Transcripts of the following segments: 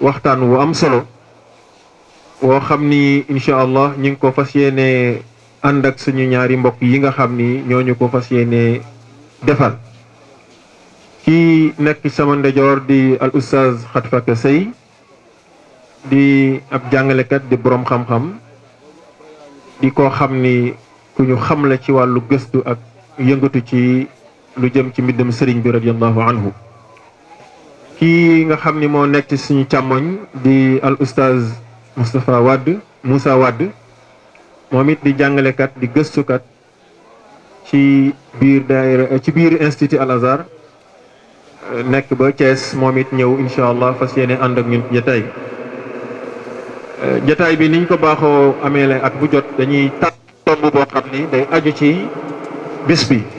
waxtaan wu am solo woo xam ni incha allah ñu ngi ko fas yéene ànd ak suñu ñaari mbokk yi nga xam ni ñoo ñu ko fas yéene defal kii nekk sama ndejoor di al oustaz Khatfaka Seye di ab jàngalekat di boroom xam-xam di ko xam ni ku ñu xam la ci wàllu gëstu ak yëngatu ci lu jëm ci mbiddam sëriñ bi radiallahu anhu kii nga xam ni moo nekk ci suñu càmmoñ di al oustaz musa Wade moom it di jàngalekat di gëstukat ci biir daayira ci biir institut Al Azhar nekk ba Thiès moom it ñëw incha allah fas yéene ànd ak ñun jataay jataay bi niñ ko baaxoo amee la at bu jot dañuy tànn tomb boo xam ni day aju ci bis bi.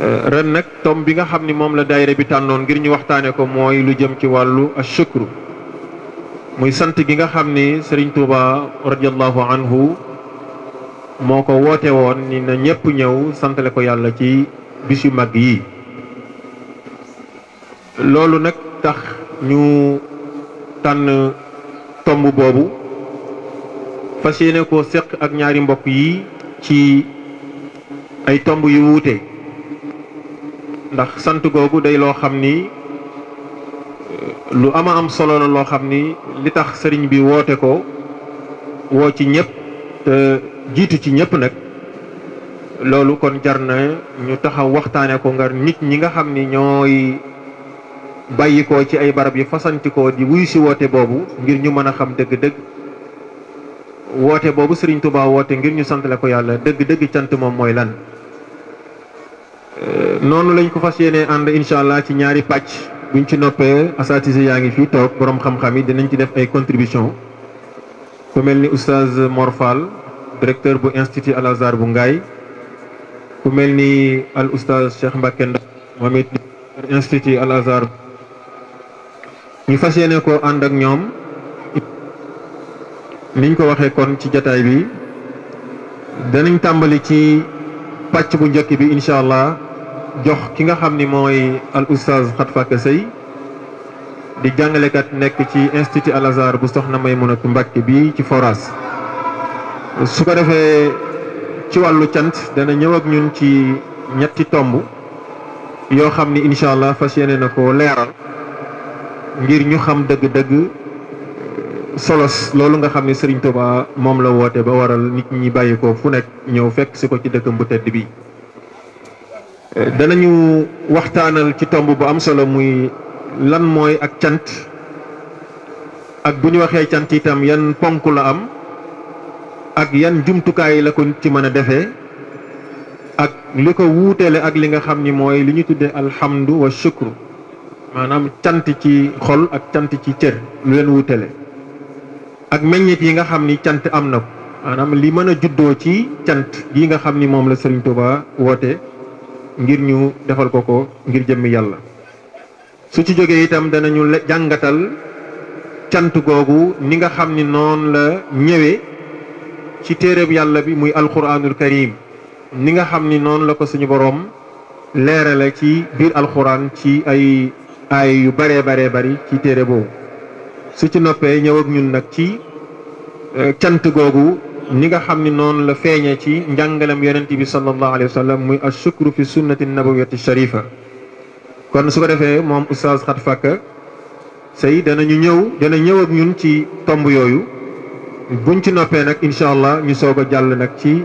Euh, ren nag tom bi nga xam ni moom la daayira bi tànnoon ngir ñu waxtaane ko mooy lu jëm ci wàllu ashukru muy sant gi nga xam ni Serigne Touba radiallahu anhu moo ko woote woon ni na ñëpp ñëw santale ko yàlla ci bis yu mag yi loolu nag tax ñu tànn tomb boobu fas yéene ko seq ak ñaari mbokk yi ci ay tomb yu wuute ndax sant googu day loo xam ni lu ama am solo la loo xam ni li tax sëriñ bi woote ko woo ci ñëpp te jiitu ci ñëpp nag loolu kon jar na ñu taxaw waxtaane ko ngar nit ñi nga xam ni ñooy bàyyikoo ci ay barab yi fasantikoo di wuyu si woote boobu ngir ñu mën a xam dëgg-dëgg woote boobu sëriñ Touba woote ngir ñu santale ko yàlla dëgg-dëgg cant moom mooy lan Euh, noonu lañ ko fas yéenee ànd incha allah ci ñaari pàcc buñ ci noppee asatise yaa ngi fii toog borom xam-xam yi dinañ ci def ay contribution ku mel ni oustaz Mor directeur bu institut Al Azhar bu Ngaay ku mel ni al oustaz Cheikh Mbacke Ndaw moom it institut Al Azhar ñu fas yéene ko ànd ak ñoom niñ ko waxee kon ci jataay bi danañ tàmbali ci pàcc bu njëkk bi incha allah jox ki nga xam ni mooy al oustaz Khat Faké Seye di jàngalekat nekk ci institut Al Azhar bu soxna Maymunatu Mbàkke bi ci Foras su ko defee ci wàllu cant dana ñëw ak ñun ci ñetti tomb yoo xam ni incha allah fas yéene na ko leeral ngir ñu xam dëgg-dëgg solos loolu nga xam ne Serigne Touba moom la woote ba waral nit ñi bàyyi ko fu nekk ñëw fekk si ko ci dëkkam bu tedd bi. Euh, danañu waxtaanal ci tomb bu am solo muy lan mooy ak cant ak bu ñu waxee cant itam yan ponk la am ak yan jumtukaay la ko ci mën a defee ak li ko wuutale ak li nga xam ni mooy li ñu tuddee alhamdu wa shukru maanaam cant ci xol ak cant ci cër lu leen wuutale ak meññet yi nga xam ni cant am na ko maanaam li mën a juddoo ci cant yi nga xam ni moom la Serigne Touba woote ngir ñu defal ko ko ngir jëmmi yàlla su ci jógee itam danañu jàngatal cant googu ni nga xam ni noonu la ñëwee ci téereb yàlla bi muy alquranul karim ni nga xam ni noonu la ko suñu boroom leerale ci biir alxuraan ci ay ay yu baree baree bari ci téere boobu su ci noppee ñëw ñun nag ci euh, cant googu ni nga xam ni noonu la feeñee ci njàngalam yonent bi sallallahu alayhi wa sallam muy ashukru fi sunnati nabawiyati sharifa kon su ko defee moom oustaz xat fàkka sëy danañu ñëw dana ñëw ak ñun ci tomb yooyu buñ ci noppee nag incha allah ñu soog a jàll nag ci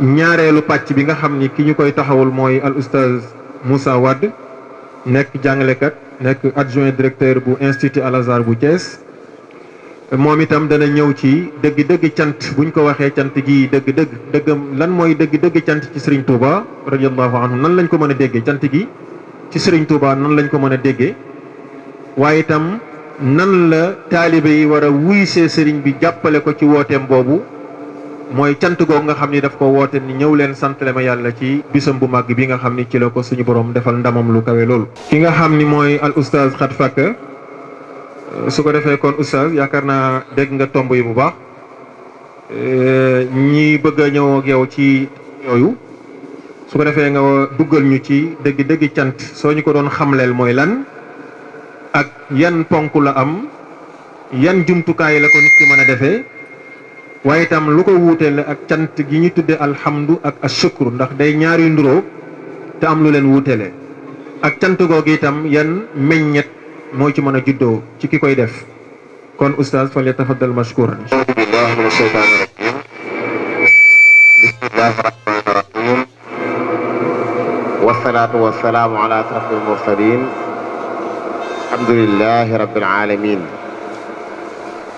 ñaareelu pàcc bi nga xam ni ki ñu koy taxawul mooy al oustaz Moussa Wade nekk jàngalekat nekk adjoint directeur bu institut Al bu Thiès moom itam dana ñëw ci dëgg dëgg cant buñ ko waxee cant gi dëgg dëgg dëggam lan mooy dëgg dëgg cant ci Serigne Touba radiyallahu anhu nan lañ ko mën a déggee cant gi ci sëriñ Touba nan lañ ko mën a déggee waaye itam nan la taalibe yi war a wuysee Serigne bi jàppale ko ci wooteem boobu mooy cant googu nga xam ni daf ko woote ni ñëw leen santale ma yàlla ci bisam bu màgg bi nga xam ni ci la ko suñu boroom defal ndamam lu kawe loolu. ki nga xam ni mooy al oustaz su ko defee kon oustaz yaakaar naa dégg nga tomb yi bu baax ñi bëgg a ñëw ci yooyu su ko defee nga duggal ñu ci dëgg dëgg cant soo ñu ko doon xamleel mooy lan ak yan ponk la am yan jumtukaay la ko nit ki mën a defee waaye itam lu ko wuuteel ak cant gi ñu tuddee alhamdu ak ashukru ndax day ñaari nduroo te am lu leen wuuteele ak cant googu itam yan meññet moo ci mën a juddoo ci ki koy def kon oustaz fal yatafaddal mashkuran bismillahi mina shaytaani rajim bismillahi rahmani rahim wasalaatu wasalaamu ala ashrafil mursalin alhamdulilahi rabbil alamin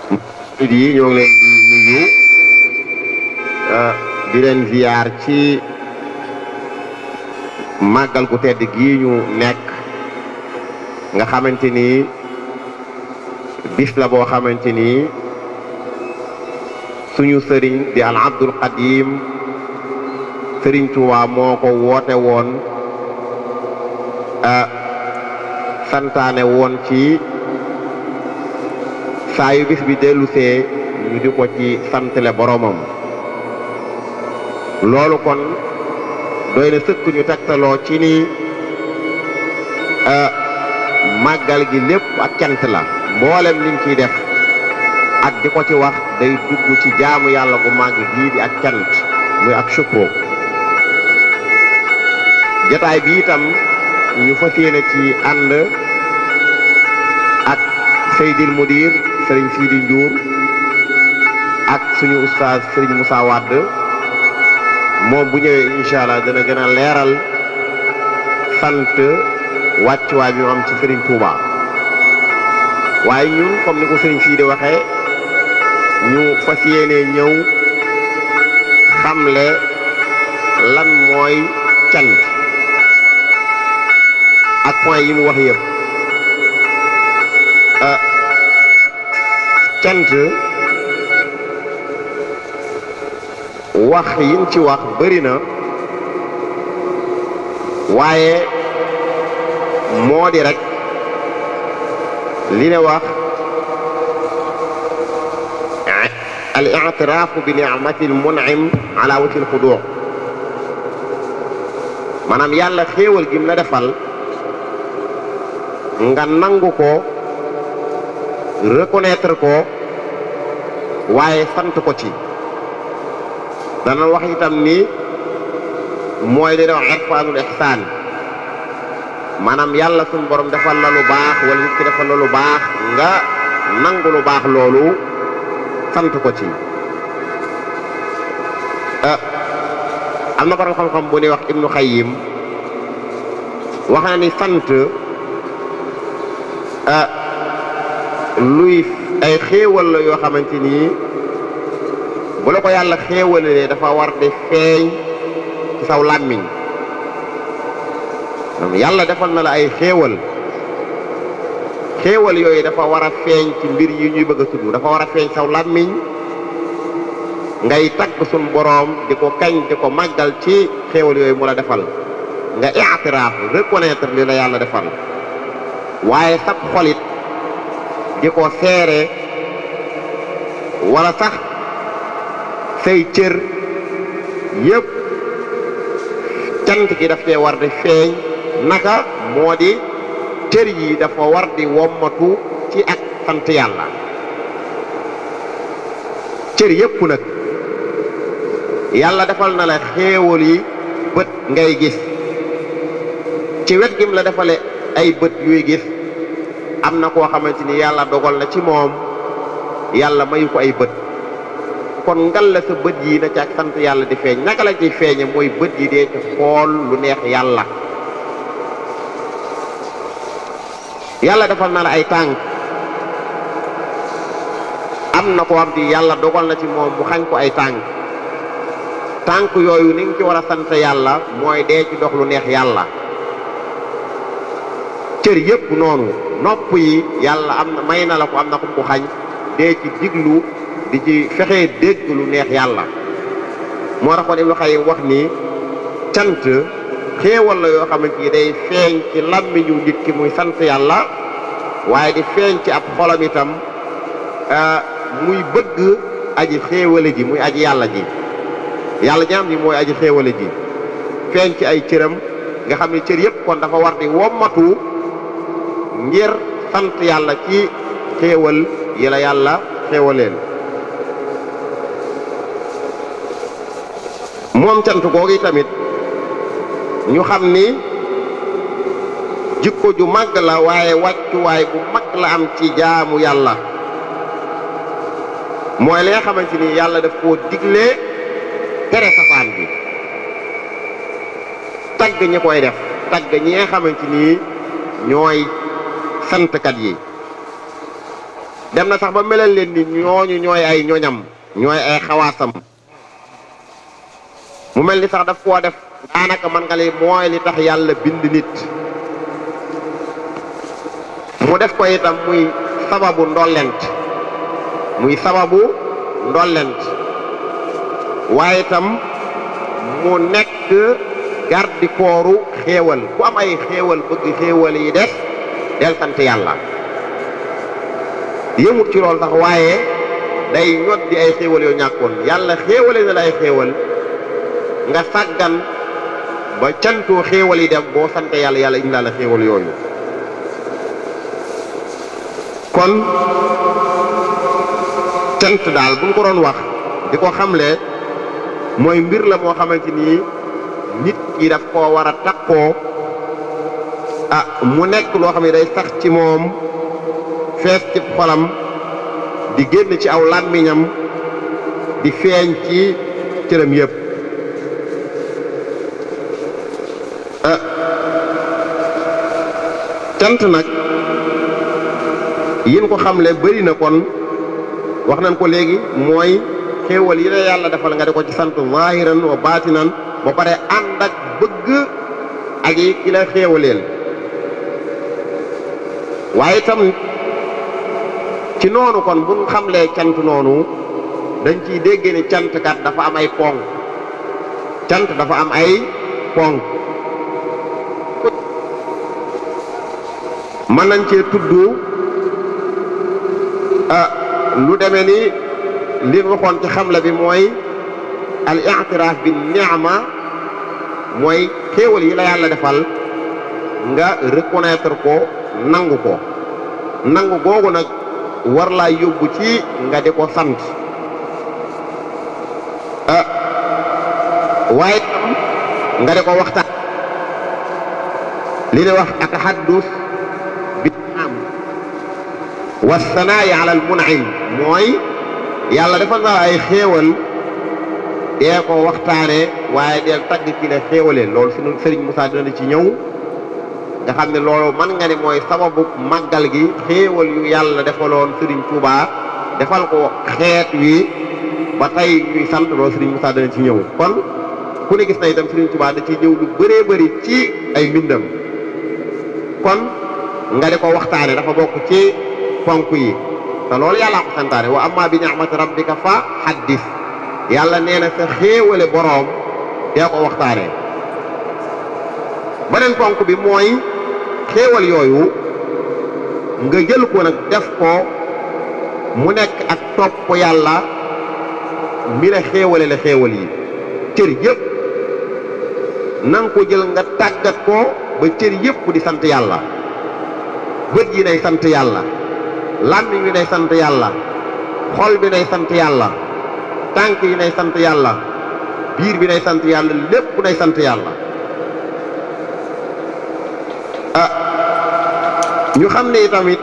nit di nuyu ah, di leen ziyaar ci màggal gu tedd gii ñu nekk nga xamante ni bis la boo xamante ni suñu sëriñ di al abdul qadim sëriñ Tuubaa moo ko woote woon ah, santaane woon ci saa bis bi dellusee ñu di ko ci santale boromam loolu kon doy na sëkk ñu tegtaloo ci ni ah, màggal gi lépp ak cant la mboolem liñ ciy def ak di ko ci wax day dugg ci jaamu yàlla gu màgg gii di ak cant muy ak sukru jataay bi itam ñu fas yéene ci ànd ak Seydil Mudir Serigne di Ndiour ak suñu oustaz Serigne Moussa moom bu ñëwee incha allah a gën a leeral sant wàccuwaay bi mu am ci sëriñ Touba waaye ñun comme ni ko sëriñ sii di waxee ñu fas yéenee ñëw xamle lan mooy cant ak point yi mu wax yëpp euh, cant wax yiñ ci wax bëri na waaye moo di rek li wax al i'tiraafu bi ni'matil mun'im ala wajhil xuduu yàlla xéewal gim la defal nga nangu ko reconnaître ko waaye fant ko ci dana wax itam ni mooy de ne wax irfaanul ihsaan maanaam yàlla suñu borom defal la lu baax wala nit ki defal la lu baax nga nangu lu baax loolu sant ko ci euh, am na borom xam-xam bu ñuy wax ibnu xayim wax na ni sant euh, luy ay xéewal la yoo xamante nii bu la ko yàlla xéewalee dafa war di feeñ ci saw làmmiñ yàlla defal na la ay xéewal xéewal yooyu dafa war a feeñ ci mbir yi ñuy bëgg a tudd dafa war a feeñ saw làmmiñ ngay tagg suñ boroom di ko kañ di ko màggal ci xéewal yooyu mu la defal nga itiraaf reconnaître li la yàlla defal waaye sab xolit di ko seere wala sax say cër yëpp cant ki daf cee war di feeñ naka moo di cër yi dafa war di wommatu ci ak sant yàlla cër yépp nag yàlla defal na la xéewal yi bët ngay gis ci wet gim la defale ay bët yuy gis am na koo xamante ni yàlla dogal na ci moom yàlla mayu ko ay bët kon ngal la sa bët yii na ci ak sant yàlla di feeñ naka la ciy feeñe mooy bët yi dee ci xool lu neex yàlla yàlla defal na la ay tànk am na ko am di yàlla dogal na ci moom mu xañ ko ay tànk tànk yooyu ni ci war a sant yàlla mooy dee ci dox lu neex yàlla cër yépp noonu nopp yi yàlla am na may na la ko am na ko ku xañ dee ci diglu di ci fexee dégg lu neex yàlla moo taxoon Ibnu Xayyim wax ni cant xéewal na yoo xamante ni day feeñ ci làmmiñu nit muy sant yàlla waaye di feeñ ci ab xolam itam euh, muy bëgg aji xéewale ji muy aji yàlla ji yàlla jaam yi mooy aji xéewale ji feeñ ci ay cëram nga xam ne cër yëpp kon dafa war di wommatu ngir sant yàlla ci xéewal yi la yàlla xéewaleel moom cant googu tamit ñu xam ni jikko ju màgg la waaye wàccuwaay bu mag la am ci jaamu yàlla mooy li nga xamante ni yàlla def koo digle tere safaan bi tagg ñi koy def tagg ñi nga xamante ni ñooy santkat yi dem na sax ba melal leen ni ñooñu ñooy ay ñoñam ñooy ay xawaasam mu mel ni sax daf koo def daanaka man nga li mooy li tax yàlla bind nit mu def ko itam muy sababu ndollent muy sababu ndollent waaye itam mu nekk gardikooru xéewal ku am ay xéewal bëgg xéewal yi des del yàlla yëmut ci loolu sax waaye day ñot di ay xéewal yoo ñàkkoon yàlla xéewale na la ay xéewal nga sàggan ba cantoo xéewal yi dem boo sant yàlla yàlla indi laa la xéewal yooyu kon cant daal bu ñu ko doon wax di ko xamle mooy mbir la moo xamante nii nit ki daf koo war a takkoo ah mu nekk loo xam ne day sax ci moom fees ci xolam di génn ci aw làmmiñam di feeñ ci cëram yëpp cant nag yin ko xamle bëri na kon wax nañ ko léegi mooy xéewal yi la yàlla defal nga di ko ci sant zahiran wa baatinan ba pare ànd ak bëgg ak yi xéewaleel waaye itam ci noonu kon bu xamle cant noonu dañ ciy dégg ne cant kat dafa am ay ponk cant dafa am ay ponk mën nañ cee tudd ah, lu demee ni li waxoon ci xamla bi mooy al i'tiraaf bi ni'ma mooy xéewal yi la yàlla defal nga reconnaître ko nangu ko nangu googu nag war laa yóbbu ci nga de ko sant ah, waaye nga di ko waxtaan li ne wax ak xaddus wasanaayi ala al munim mooy yàlla defal na ay xéewal dee ko waxtaane waaye deel tagg ki la xéewale loolu sunu sëriñ Moussa dina ci ñëw nga xam ne loolu mën nga ne mooy sababu maggal gi xéewal yu yàlla defaloon sëriñ Touba defal ko xeet wi ba tey ñuy sant loo sëriñ Moussa ci ñëw kon ku ne gis na itam sëriñ Touba da ci ñëw lu bëree bëri ci ay mbindam kon nga di ko waxtaane dafa bokk ci ponk yi te loolu yàlla ko santaane wa amma bi ni'mati rabbika fa haddis yàlla nee na sa xéewale boroom dee ko waxtaanee beneen ponk bi mooy xéewal yooyu nga jël ko nag def ko mu nekk ak topp yàlla mi la xéewale la xéewal yi cër yëpp na ko jël nga tàggat ko ba cër yëpp di sant yàlla bët yi nay sant yàlla làmmiñ bi sant yàlla xool bi day sant yàlla tànk yi day sant yàlla biir bi day sant yàlla lépp day sant yàlla ah ñu xam ne tamit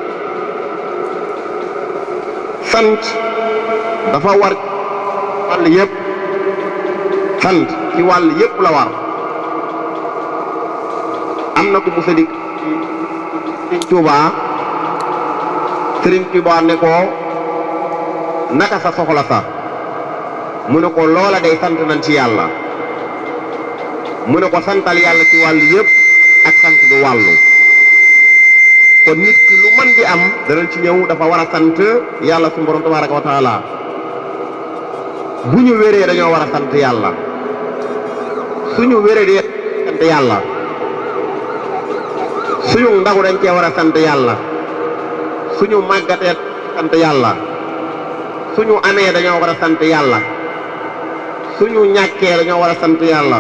sant dafa war wàll yépp sant ci wàll yépp la war am na ko musa dikk Tuubaa sëriñ Tuubaa ne ko naka sa soxla sa mu ne ko loola day sant nañ ci yàlla mu ne ko santal yàlla ci wàllu yëpp ak sant du wàllu kon nit ki lu mën di am danañ ci ñëw dafa war a sant yàlla suñu borom tabaaraka wa taala bu ñu wéree dañoo war a sant yàlla suñu wéree di sant yàlla suñu ndaw dañ cee war a sant yàlla suñu màggatee sant yàlla suñu amee dañoo war a sant yàlla suñu ñàkkee dañoo war a sant yàlla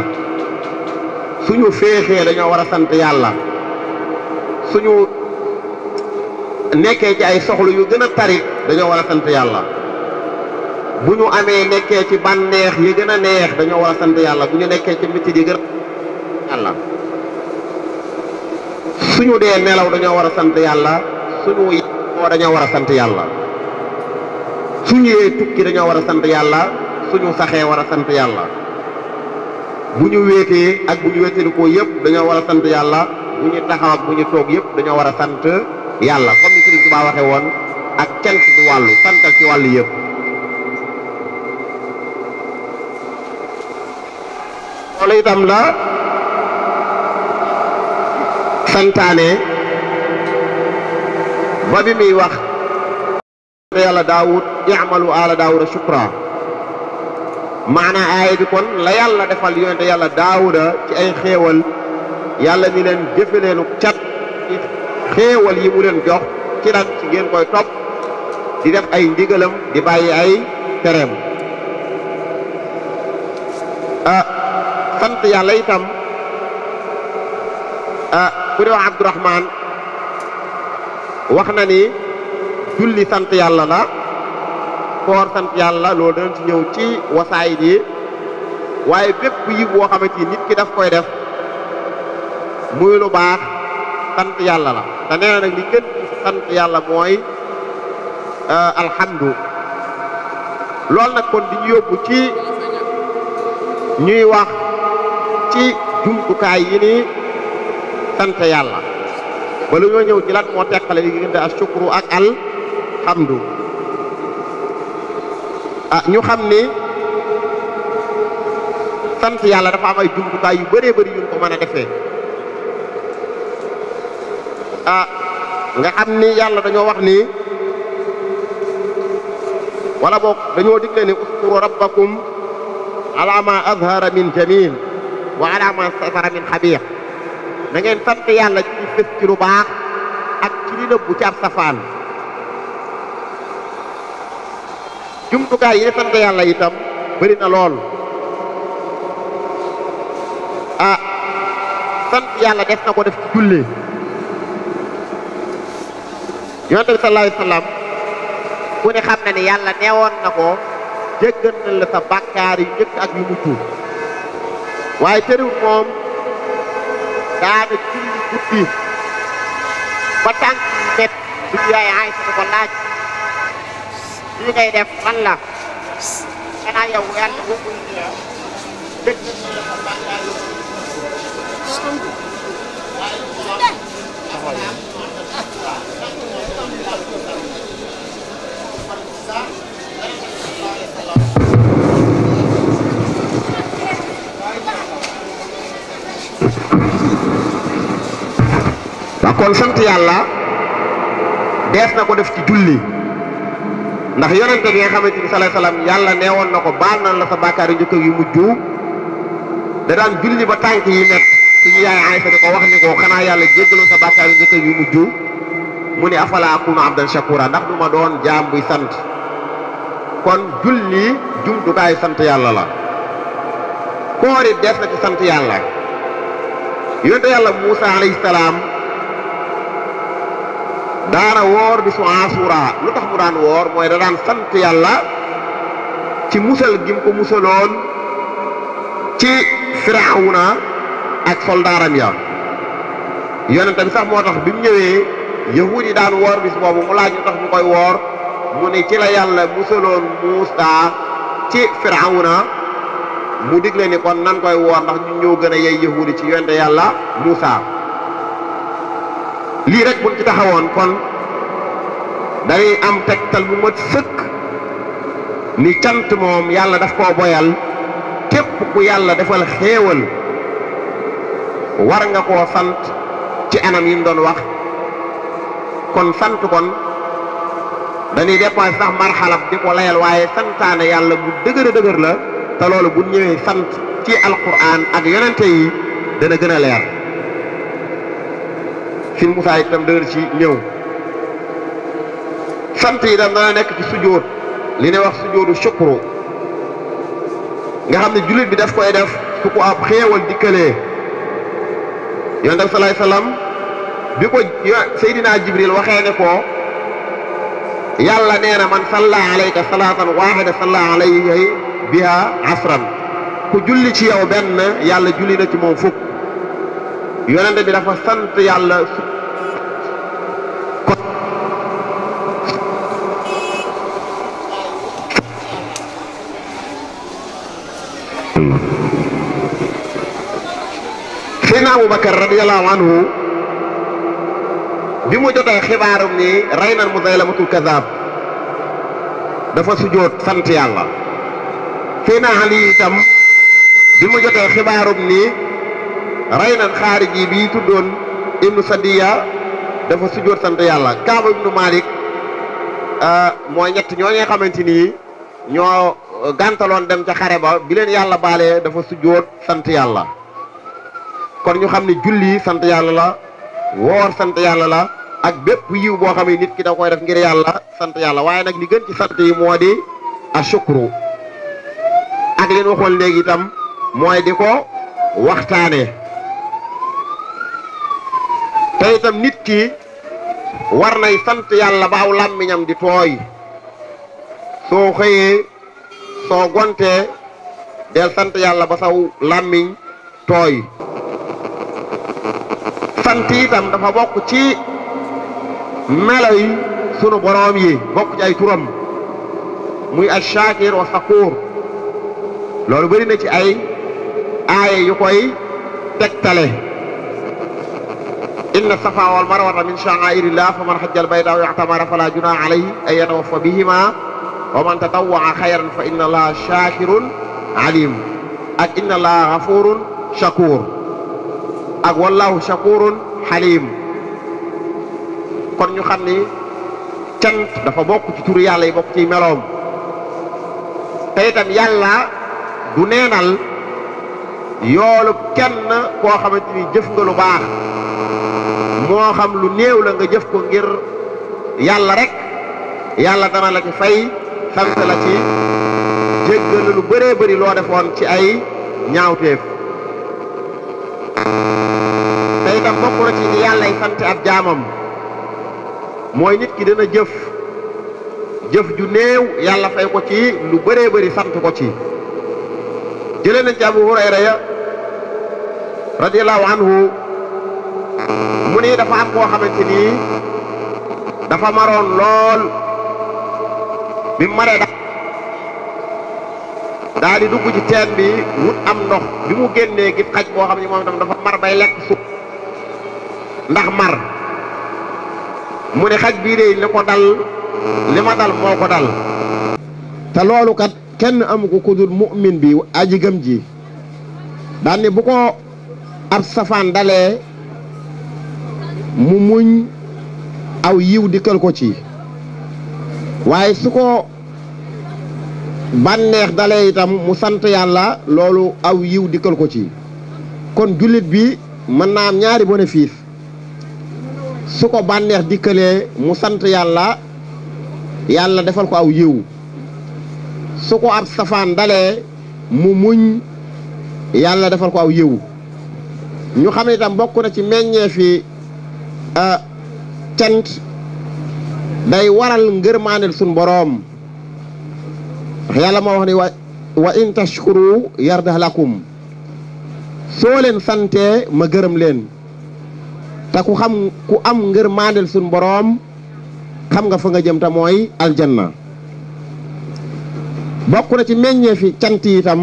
suñu féexee dañoo war a sant yàlla suñu nekkee ci ay soxlu yu gën a tarit dañoo war a sant yàlla bu ñu amee nekkee ci bànneex yi gën a neex dañoo war a sant yàlla bu ñu nekkee ci métti di gën a yàlla dee nelaw dañoo war sant yàlla gàmmoo dañoo war a sant yàlla su ñëwee tukki dañoo war a sant yàlla suñu saxee war a sant yàlla bu ñu wéetee ak bu ñu wéetalikoo yëpp dañoo war a sant yàlla bu ñu taxaw ak bu ñu yëpp dañoo war a sant yàlla comme ni Sëriñ woon ak cant du wàllu santal ci wàllu yëpp loolu itam la santaane fa bi muy wax yàlla daawud i'malu aala daawuda shukra maanaa aaya bi kon la yàlla defal yonente yàlla daawuda ci ay xéewal yàlla mi leen jëfe leenu cat ci xéewal yi mu leen jox ci lan ci ngeen koy topp di def ay ndigalam di bàyyi ay tereem ah sant yàlla itam ah ku dee Abdurahmaan wax na ni julli sant yàlla la koor sant yàlla loolu danañ ci ñëw ci wasaay yi waaye bépp yiw woo xamante ni nit ki daf koy def muy lu baax sant yàlla la te nee nag li gën sant yàlla mooy euh, alhamdu loolu nag kon di yóbbu ci ñuy wax ci jumtukaay yi ni sant yàlla bala ñoo ñëw ci lan moo teqale li diggante asukru ak alhamdu ah ñu xam ni sant yàlla dafa am ay jumtukaay yu bëree bëri yu ko mën a defee ah nga xam ni yàlla dañoo wax ni wala boog dañoo digle ni uskuru rabbakum ala ma min jamil wa ala ma min xabiir na ngeen sant yàlla ci fés ci lu baax ak ci li nëbbu ci safaan jumtukaay yi sant yàlla itam bëri na lool a ah, sant yàlla def na ko def ci julli yonent bi sallallahu alayhi wa ne xam na ne yàlla neewoon na ko jéggal na la sa bàkkaar yu njëkk ak yu mujj waaye tëriwul moom daana julli guddi ba tànk nekk suñu yaay Aysa ko laaj lii ngay def fan la xanaa yow yàlla waxul dëgg waaye kon sant yàlla dees na ko def ci julli ndax yonente gi nga xamante ni salaay salaam yàlla nee woon na ko baal na la sa bàkkaar yu njëkk yu mujj da daan julli ba tànk yi nekk suñu yaay Aysa di ko wax ni ko xanaa yàlla jéggalu sa bàkkaar yu njëkk yu mujj mu ne afala akunu abdan shakura ndax du ma doon jaam buy sant kon julli jumtukaayu sant yàlla la koor dees na ci sant yàlla yonente yàlla Muusa alayhi salaam daana woor bisu Ashura lu tax mu daan woor mooy da daan sant yàlla ci musal gi mu ko musaloon ci Firawna ak soldaaram ya yonente bi sax moo tax bi mu ñëwee yahuud yi daan woor bis boobu mu laaj lu tax ñu koy woor mu ne ci la yàlla musaloon Muusa ci Firawna mu digle ni kon nan koy woor ndax ñu ñëw gën a yey yahuud ci yonente yàlla musaa lii rek buñ ci taxawoon kon dañuy am tegtal bu mat sëkk ni cant moom yàlla daf ko boyal képp ku yàlla defal xéewal war nga ko sant ci anam yi mu doon wax kon sant kon dañuy dépassé sax marxalab di ko layal waaye santaane yàlla bu dëgër dëgër la te loolu bu ñëwee sant ci alquran ak yonente yi dana gën a leer si Moussa itam dana ci ñëw sant yi itam dana nekk ci sujjóot li ne wax sujjóotu shukru nga xam ne jullit bi daf koy def su ko ab xéewal dikkalee yonent bi salaam bi ko Seydina Jibril waxee ne ko yàlla nee man salla alayka salaatan waahida salla alayhi biha asran ku julli ci yow benn yàlla julli na ci moom fukk yonent bi dafa sant yàlla Seydina Aboubacar radiyallahu anhu bi mu jotee xibaarum ni rey na Musaylamatul Kazaab dafa sujjóot sant yàlla Seydina Ali itam bi mu jotee xibaarum ni rey na xaariji bi tuddoon Ibnu Sadiya dafa sujjóot sant yàlla Kaaba Ibnu Malik ah, mooy ñett ñoo ñee xamante ni ñoo gàntaloon dem ca xare ba bi leen yàlla baale dafa sujjóot sant yàlla kon ñu xam ne julli sant yàlla la woor sant yàlla la ak bépp yiw boo xam ne nit ki da koy def ngir yàlla sant yàlla waaye nag li gën ci sant yi moo di ashukru ak leen waxoon léegi itam mooy di ko waxtaane te itam nit ki war nay sant yàlla baaw aw làmmiñam di tooy soo xëyee soo gontee del sant yàlla ba saw làmmiñ tooy sant itam dafa bokk ci melo yi sunu boroom yi bokk ci ay turam muy ash-shaakir wa shakuur loolu bëri na ci ay aaye yu koy tegtale inna safa wal marwata min sha'airillah faman hajja al-bayta aw i'tamara fala junaha alayhi an yatawaffa bihima wa man tatawwa'a khayran fa inna allaha shaakirun alim ak inna allaha ghafurun shakuur ak wallahu shakurun xaliim kon ñu xam ni cant dafa bokk ci tur yàlla yi bokk ci meloom te itam yàlla du neenal yoolu kenn koo xamante ni jëf nga lu baax moo xam lu néew la nga jëf ko ngir yàlla rek yàlla dana la ci fay sant la ci jéggal lu bëree bari loo defoon ci ay ñaawteef yàllay sante ab jaamam mooy nit ki dana jëf jëf ju néew yàlla fay ko ci lu bëree bëri sant ko ci jëlee nañ ci abu hurayra ya radiallahu anhu mu nii dafa am koo xamante nii dafa maroon lool bi maree da daa di dugg ci teen bi wut am ndox bi mu génnee gis xaj boo xam ne moom dafa mar bay lekk suuf ndax mar mu ne xaj bii de ko dal li ma dal moo ko dal te loolu kat kenn amu ko ku dul mu'min bi aji gëm ji daan ni bu ko ab safaan dalee mu muñ aw yiw dikkal ko ci waaye su ko bànneex dalee itam mu sant yàlla loolu aw yiw dikkal ko ci kon jullit bi mën naa am ñaari bénéfice su ko bànneex dikkalee mu sant yàlla yàlla defal ko aw yiw su ko ab safaan dalee mu muñ yàlla defal ko aw yiw ñu xam ne itam bokk na ci meññeef yi cant day waral ngërmaanel sun boroom yàlla moo wax ni wa wa in tashkuru yardah soo leen sante ma gërëm leen te ku am ngir maandel suñ boroom xam nga fa nga jëm te mooy aljanna bokk na ci meññeefi fi cant itam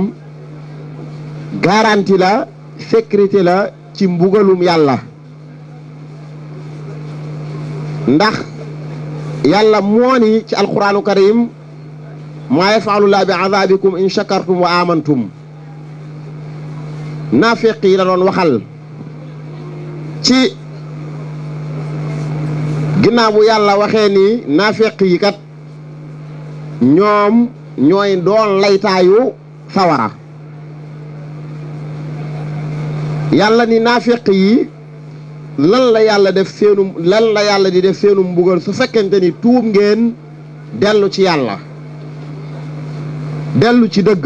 garantie la sécurité la ci mbugalum yàlla ndax yàlla moo ni ci alquranu karim maa yafaalulaa bi azabikum in shakartum wa amantum naafiq yi la doon waxal ci ginnaaw bu yàlla waxee ni naafeq yi kat ñoom ñooy doon laytaayu sawara yàlla ni naafeq yi lan la yàlla def seenu lan di def seenu mbugal su fekkente ni tuub ngeen dellu ci yàlla dellu ci dëgg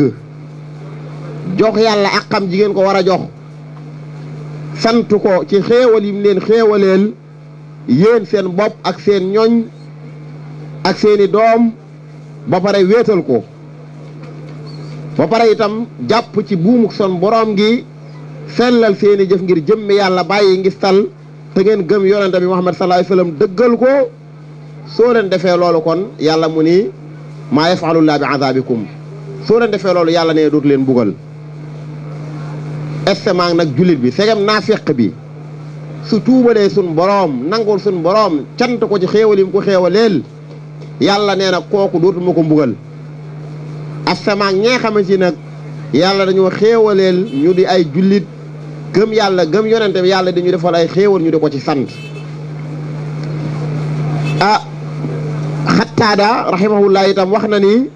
jox yàlla ak xam ji ngeen ko war a jox sant ko ci xéewal leen xéewaleel yéen seen bopp ak seen ñoñ ak seeni doom ba pare wéetal ko ba pare itam jàpp ci buumuk son boroom gi sellal seeni jëf ngir jëmmi yàlla bàyyi ngis tal te ngeen gëm yonente bi Muhammad sallallahu alayhi wa sallam dëggal ko soo leen defee loolu kon yàlla mu ni maa yafalullah bi azabikum soo leen defee loolu yàlla ne dootu leen bugal estemaang nag jullit bi segem naafiq bi su tuubalee sun boroom nangul sun boroom cant ko ci xéewalim ko xéewaleel yàlla nee na kooku dootuma ko mbugal asamaa ñee xamante si nag yàlla dañoo xéewaleel ñu di ay jullit gëm yàlla gëm yonente bi yàlla dañu defal ay xéewal ñu di ko ci sant ah xattaada raximahullaa itam wax na ni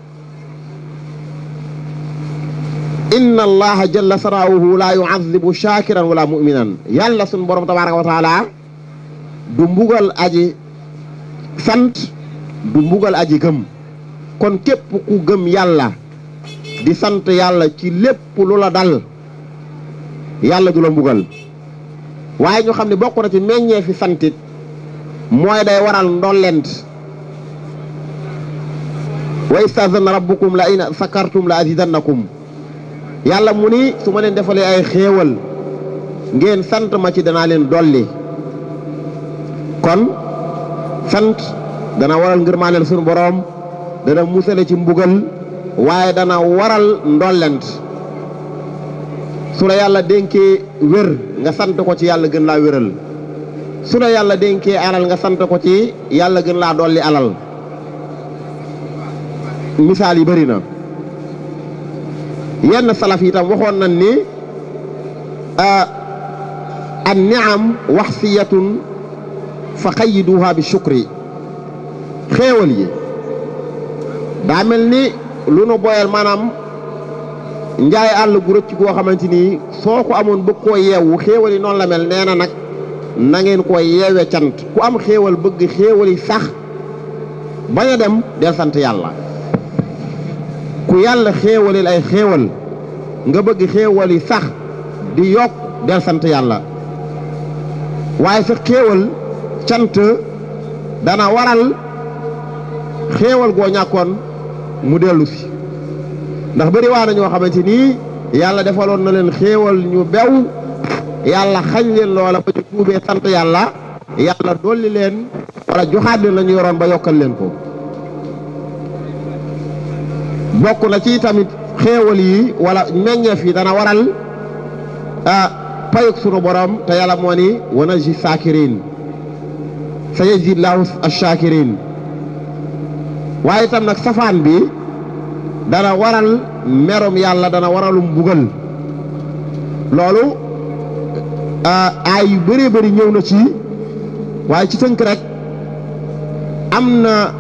inna allaha jalla saraahu laa yuazibu shakiran wala muminan yàlla sun borom tabaraka wa taala du mbugal aji sant du mbugal aji gëm kon képp ku gëm yàlla di sant yàlla ci lépp lu la dal yàlla du la mbugal waaye ñu xam ne bokk na ci meññee fi santit mooy day waral ndollent wa istazana rabbukum la in sakartum la azidannakum yàlla mu ni su ma leen defalee ay xéewal ngeen sant ma ci danaa leen dolli kon sant dana waral ngërmaaneel sunu boroom dana musale ci mbugal waaye dana waral ndollent su la yàlla dénkee wér nga sant ko ci yàlla gën laa wéral su la yàlla dénkee alal nga sant ko ci yàlla gën laa dolli alal misaal yi bari na yenn salaf yi tam waxoon nañ ni an niam waxsiyatun fa xayiduha bi shukri xéewal yi daa mel ni lu nu boyal maanaam njaay àll gu rëcc goo xamante ni soo ko amoon bëgg koo yeewu xéewal yi noonu la mel nee na nag na ngeen ko yeewe cant ku am xéewal bëgg xéewal yi sax bañ a dem del sant yàlla ku yàlla xéewalil ay xéewal nga bëgg xéewal yi sax di yokk del sant yàlla waaye sa xéewal cant dana waral xéewal goo ñàkkoon mu dellu si ndax bëri waa na ñoo xamante nii yàlla defaloon na leen xéewal ñu bew yàlla xañ leen loola ba ñu tuubee sant yàlla yàlla dolli leen wala joxaat leen la ñu yoroon ba yokkal leen ko bokk na ci tamit xéewal yi wala meññeef yi dana waral ah payuk sunu borom te yàlla moo ni wa najzi saakirin sa yajid lahu waaye itam nag safaan bi dana waral merum yàlla dana waralu mbugal loolu ay yu bëree bëri ñëw na ci waaye ci tënk rek am na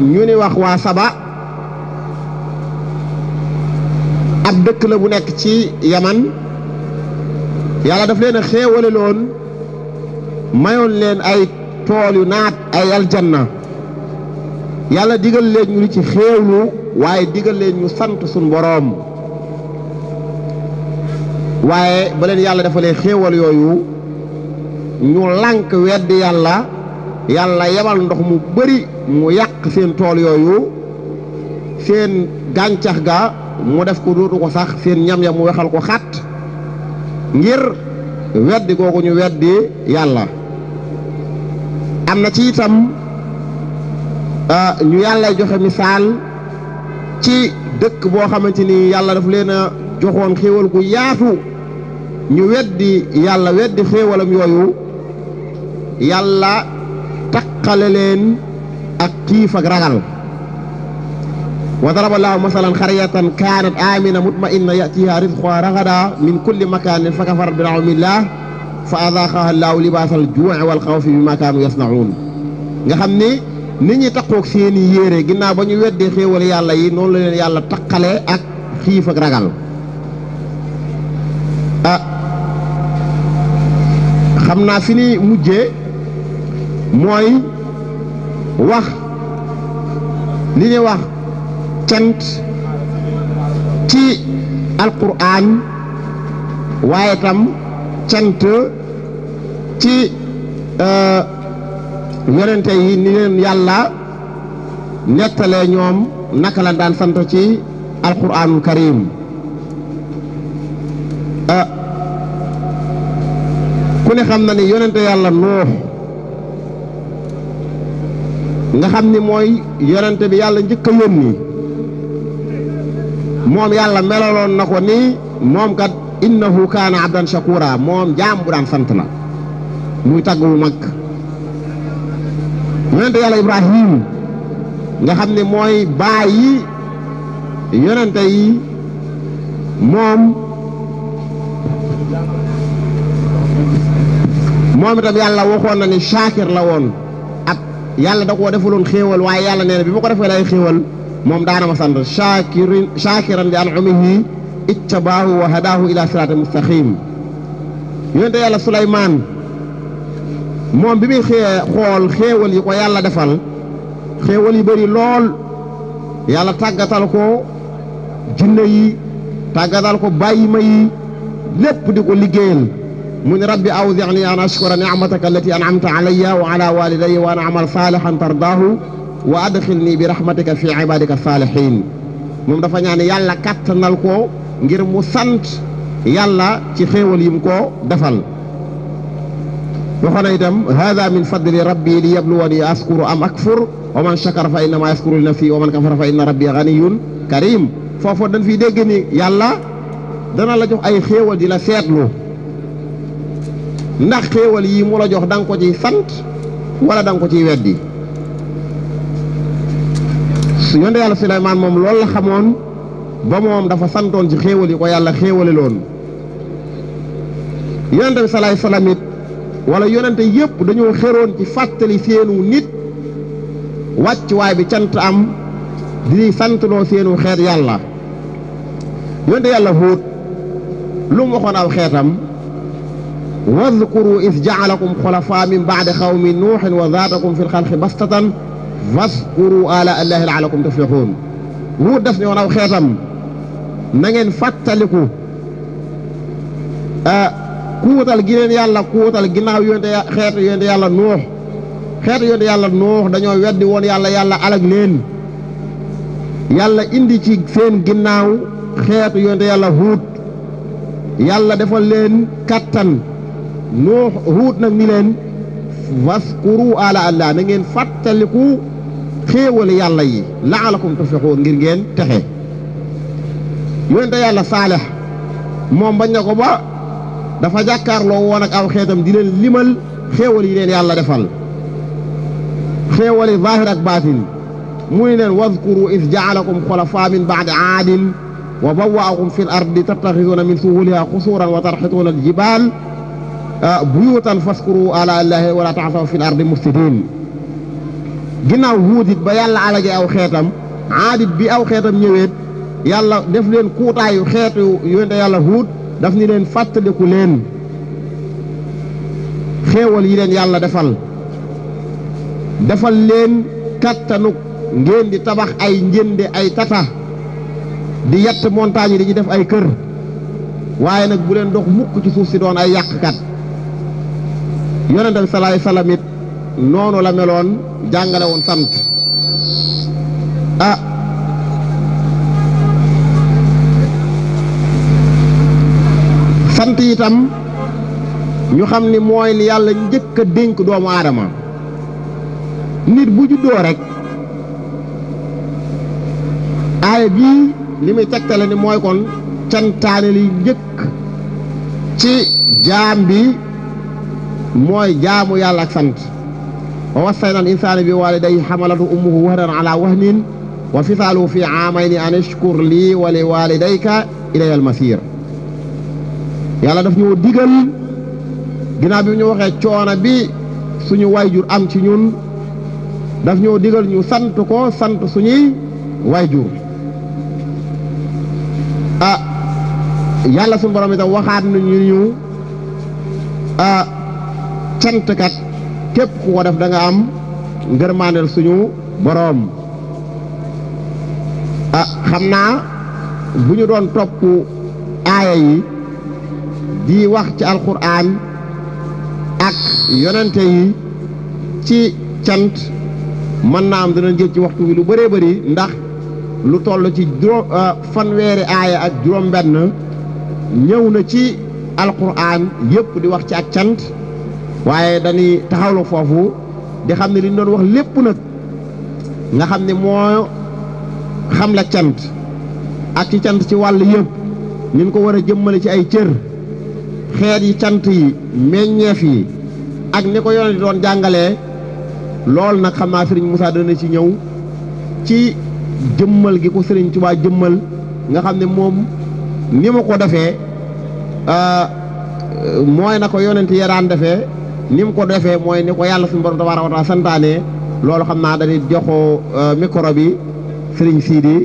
ñu ni wax waa saba ab dëkk la bu nekk ci yaman yàlla daf leen a xéewale loon mayoon leen ay tool yu naat ay aljanna yàlla digal leen ñu di ci xéewlu waaye digal leen ñu sant suñ boroom waaye ba leen yàlla dafa leen xéewal yooyu ñu lànk wedd yàlla yàlla yamal ndox mu bari mu yàq seen tool yooyu seen gàncax ga mu def ko dootu ko sax seen ñam ya mu wexal ko xat ngir weddi kooku ñu weddi yàlla am na ci itam ah, ñu yàlla joxe misaal ci dëkk boo xamante ni yàlla daf leen a joxoon xéewal gu yaatu ñu weddi yàlla weddi xéewalam yooyu yàlla taqale leen ak kiif ak ragal wa daraba laahu masalan xaryatan kaanat aamina mutma'inna ya'tiha rizquha ragadan min kulli makaanin fa kafarat bi na'mi llaah fa azaaqaha llaahu libaasal juu'i wal xawfi bimaa kaanu yasna'uun nga xam ni nit ñi takkoog seen yéere ginnaaw ba ñu weddee xéewal yàlla yi noonu la leen yàlla takkale ak xiif ak ragal ah, xam naa fi ni mujjee mooy wax li ñuy wax. cant ci alquraan waaye tam cant ci euh, yonente yi ni leen yàlla nettalee ñoom naka la daan sant ci alquraanul karim euh, ku ne xam na ni yonente yàlla nuux nga xam ni mooy yonente bi yàlla njëkk a yónni moom yàlla melaloon na ko nii moom kat innahu kaana abdan shakura moom jaam bu daan sant na muy tagg mu mag yonente yàlla ibrahim nga xam ne mooy baay yi yonente yi moom moom itam yàlla waxoon na ni shaakir la woon ab yàlla da koo defuloon xéewal waaye yàlla nee na bi ma ko defee lay xéewal moom daana ma sant shaakirin shaakiran li an'umihi ittabaahu wa hadaahu ila siraatin mustaqim yonente yàlla Suleymaan moom bi muy xee xool xéewal yi ko yàlla defal xéewal yi bëri lool yàlla tàggatal ko jinne yi tàggatal ko bàyyi ma yi lépp di ko liggéeyal mu ne rabbi awzi'ni an ashkura ni'mataka allati an'amta alayya wa ala walidayya wa an a'mal salihan tardaahu wa nii bi rahmatika fi ibadika saalihin moom dafa ñaan yàlla kàttanal ko ngir mu sant yàlla ci xeewal yim ko defal waxoon na itam hada min fadli rabbi li yabluwani askuru am akfur wa man shakara fa innama yaskuru li nafsi wa man kafara fa inna rabbi ganiyun karim foofu dañ fiy dégg ni yàlla dana la jox ay xeewal di la seetlu ndax xéewal yi mu jox da nga ko ciy sant wala da ko ciy weddi su yonte yàlla Suleymaan moom loolu la xamoon ba moom dafa santoon ci xéewal ko yàlla xéewale loon yonente bi salaay salaam it wala yonente yëpp dañoo xéroon ci fàttali seenu nit wàcc waay bi cant am di santloo seenu xeet yàlla yonte yàlla Huud lu mu aw xeetam wadkuru is jaalakum xulafaa min baadi xawmi nuuxin wa zaatakum fi lxalqi bastatan waskuru ala allahi laalakum tuflixuun lu def ñoo raw xeetam na ngeen fàttaliku ah, kuutal gi leen yàlla kuutal ginnaaw yonte xeet yonte yàlla nuux xeet yonte yàlla nuux dañoo weddi woon yàlla yàlla alag leen yàlla indi ci seen ginnaaw xeet yonte yàlla huut yàlla defal leen kattan nuux huut nag ni leen waskuru ala allah na ngeen xéewalu yàlla yi laalakum tuflixuun ngir ngeen texe yonente yàlla saalex moom bañ na ko ba dafa jàkkaarloo woon ak aw xeetam di leen limal xéewal yi leen yàlla defal xéewali zaahir ak baatin mu ne leen wadkuru is jaalakum xulafa min baadi aadin wa bawaakum fi l ardi tattaxiduuna min suhuliha xusuuran wa tarxituuna al jibaal ah, buyutan faskuru fi l ardi ginnaaw huudit ba yàlla alage aw xeetam aadit bi aw xeetam ñëweet yàlla def leen kuutaayu xeetu yonte yàlla huut daf ni leen fàttaliku leen xeewal yi leen yàlla defal defal leen kattanuk ngeen di tabax ay njënde ay tata di yatt montagne yi di def ay kër waaye nag bu leen dox mukk ci suuf si doon ay yàqkat yonente bi salaay salaam noonu la meloon jàngale woon sant ah sant itam ñu xam ni mooy yàlla njëkk a dénk doomu aadama nit bu juddoo rek aaya bii li muy tegtale ni mooy kon cantaane li njëkk ci jaam bi mooy jaamu yàlla ak sant wa wassayna al insaana bi waalidayhi xamalatu ummuhu wahnan ala wahnin wa fisaaluhu fi aamayni an ishkur lii wa li waalidayka ilayya al masiir yàlla daf ñoo digal ginnaaw bi ñu waxee coono bi suñu wayjur am ci ñun daf ñëw digal ñu sant ko sant suñuy wayjur ah yàlla suñu borom itam waxaat nañu ñu ah cantkat képp ku ko def danga am ngërmaandeel suñu boroom ah, xam naa bu ñu doon topp aaya yi di wax ci alxuraan ak yonente yi ci cant mën naa am dana jël ci waxtu wi lu bëree bëri ndax lu toll ci juróom ah, fanweeri aaya ak juróom-benn ñëw na ci alxuraan yépp di wax ci ak cant waaye dañuy taxawlu foofu di xam ne li doon wax lépp nag nga xam ne moo xam la cant ak ci cant ci wàll yëpp ñu ko war a jëmmale ci ay cër xeet yi cant yi meññeef yi ak ni ko yoon di doon jàngalee lool nag xam naa sëriñ Moussa dana ci ñëw ci jëmmal gi ko sëriñ Tuubaa jëmmal nga xam ne moom ni ma ko defee ah, mooy na ko yonent yaraan defee ni mu ko defee mooy ni ko yàlla suñu borom tabaaraka wa taala santaane loolu xam naa dañuy joxo euh, micro bi sëriñ Sidi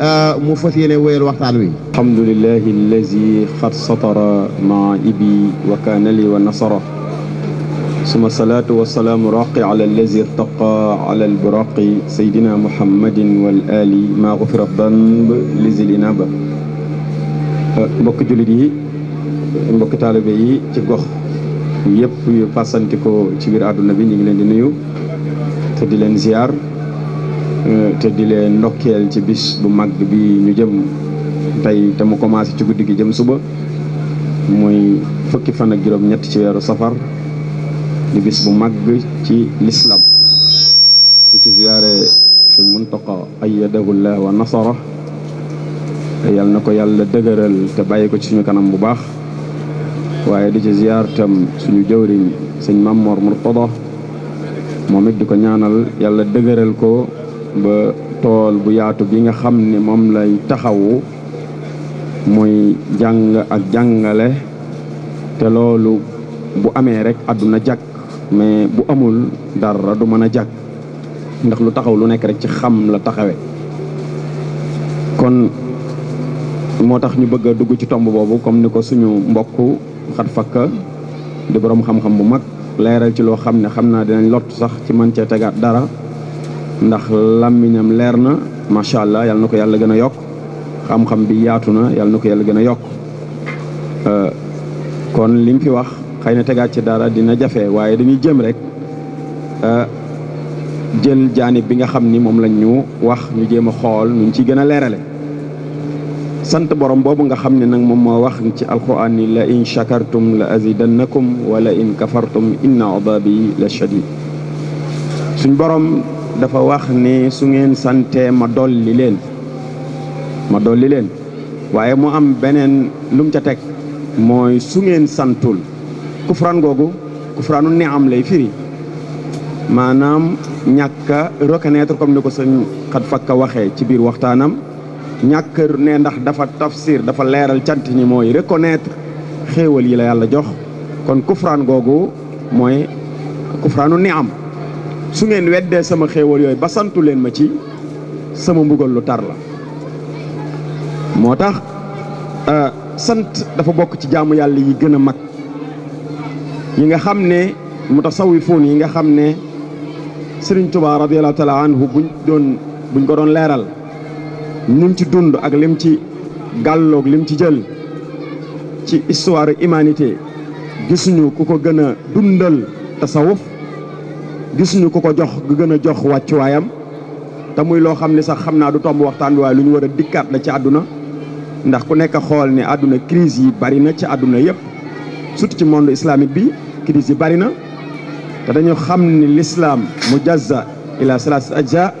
euh, mu fas yéene wéyal waxtaan wi alhamdulillahi allazi qad satara ma ibi wa kaana li wa nasara ثم الصلاة والسلام راقي على الذي ارتقى على البراق سيدنا محمد والآل ما غفر الذنب لذي الإنابة mbokk jullit yi mbokk taalibe yi ci gox yëpp yu passanti ko ci biir àdduna bi ñu ngi leen di nuyu te di leen ziar euh, te di leen ndokkeel ci bis bu mag bi ñu jëm tey te mu commencé ci guddi gi jëm suba muy fukki fan ak juróom ñett ci weeru safar di bis bu mag ci lislam di ci ziare sëñ Muntaqa ayyadahu llah wa nasara yal na ko yàlla dëgëral te bàyyi ko ci suñu kanam bu baax waaye di ci ziyaar tam suñu jëwriñ sëñ Mamor Murtada moom it di ko ñaanal yàlla dëgëral ko ba tool bu yaatu bi nga xam ni moom lay taxawu muy jàng ak jàngale te loolu bu amee rek àdduna jag mais bu amul dara du mën a jag ndax lu taxaw lu nekk rek ci xam la taxawe kon moo tax ñu bëgg a dugg ci tomb boobu comme ni ko suñu mbokk xat fakka di borom xam-xam bu mag leeral ci loo xam ne xam naa dinañ lott sax ci man cee tegaat dara ndax làmmiñam leer na macha allah yal na ko yàlla gën a yokk xam-xam bi yaatu na yal na ko yàlla gën a yokk euh, kon li fi wax xëy na tegaat ci dara dina jafe waaye dañuy jëm rek euh, jël jaanib bi nga xam ni moom lañ ñu wax ñu jéem a xool ñu ci gën a leerale sant borom boobu nga xam ne nag moom moo wax ci alquran ni la in shakartum la azidannakum wa la in kafartum inna adabi la shadid suñ borom dafa wax ni su ngeen sante ma dolli leen ma dolli leen waaye mu am beneen lum ca teg mooy su ngeen santul kufran googu kufraanu ne am lay firi maanaam ñàkk a reconnaître comme ni ko sëñ xat fakka waxee ci biir waxtaanam ñàkkër ne ndax dafa tafsir dafa leeral cant ñi mooy reconnaître xéewal yi la yàlla jox kon kufraan googu mooy kufraanu ni am su ngeen weddee sama xéewal yooyu ba santu leen ma ci sama mbugal lu tar la moo tax euh, sant dafa bokk ci jaamu yàlla yi gën a mag yi nga xam ne mu mutasawifoon yi nga xam ne Sëriñ Tuubaa radiyallaahu taala anhu buñ doon buñ ko doon leeral lim ci dund ak lim ci gàlloog lim ci jël ci histoire humanité gisuñu ku ko gën a dundal tasawuf gisuñu ku ko jox gu gën a jox wàccuwaayam te muy loo xam ne sax xam naa du tomb waxtaan bi waaye lu ñu war a dikkaat la ci àdduna ndax ku nekk xool ne àdduna crise yi bari na ci àdduna yëpp surtout ci monde islamique bi crise yi bari na te dañu xam ni lislaam mujazza ila salas ajja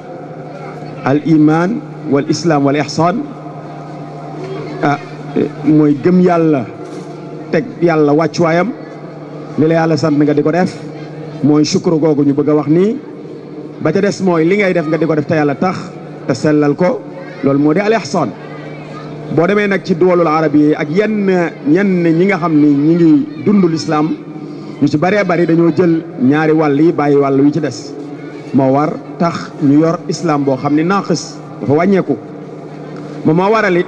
al iman wal islaam wal ihsaan ah, mooy gëm yàlla teg yàlla wàccuwaayam li la yàlla sant nga di ko def mooy sukuru googu ñu bëgg a wax nii ba ca des mooy li ngay def nga di ko def te yàlla tax te sellal ko loolu moo di al ihsaan boo demee nag ci duwalul arab yi ak yenn ñenn ñi nga xam ni ñi ngi dund islaam ñu ci bëree bari dañoo jël ñaari wàll yi bàyyi wàll wi ci des moo war tax ñu yor islaam boo xam ni naaqis dafa wàññeeku moom moo waral it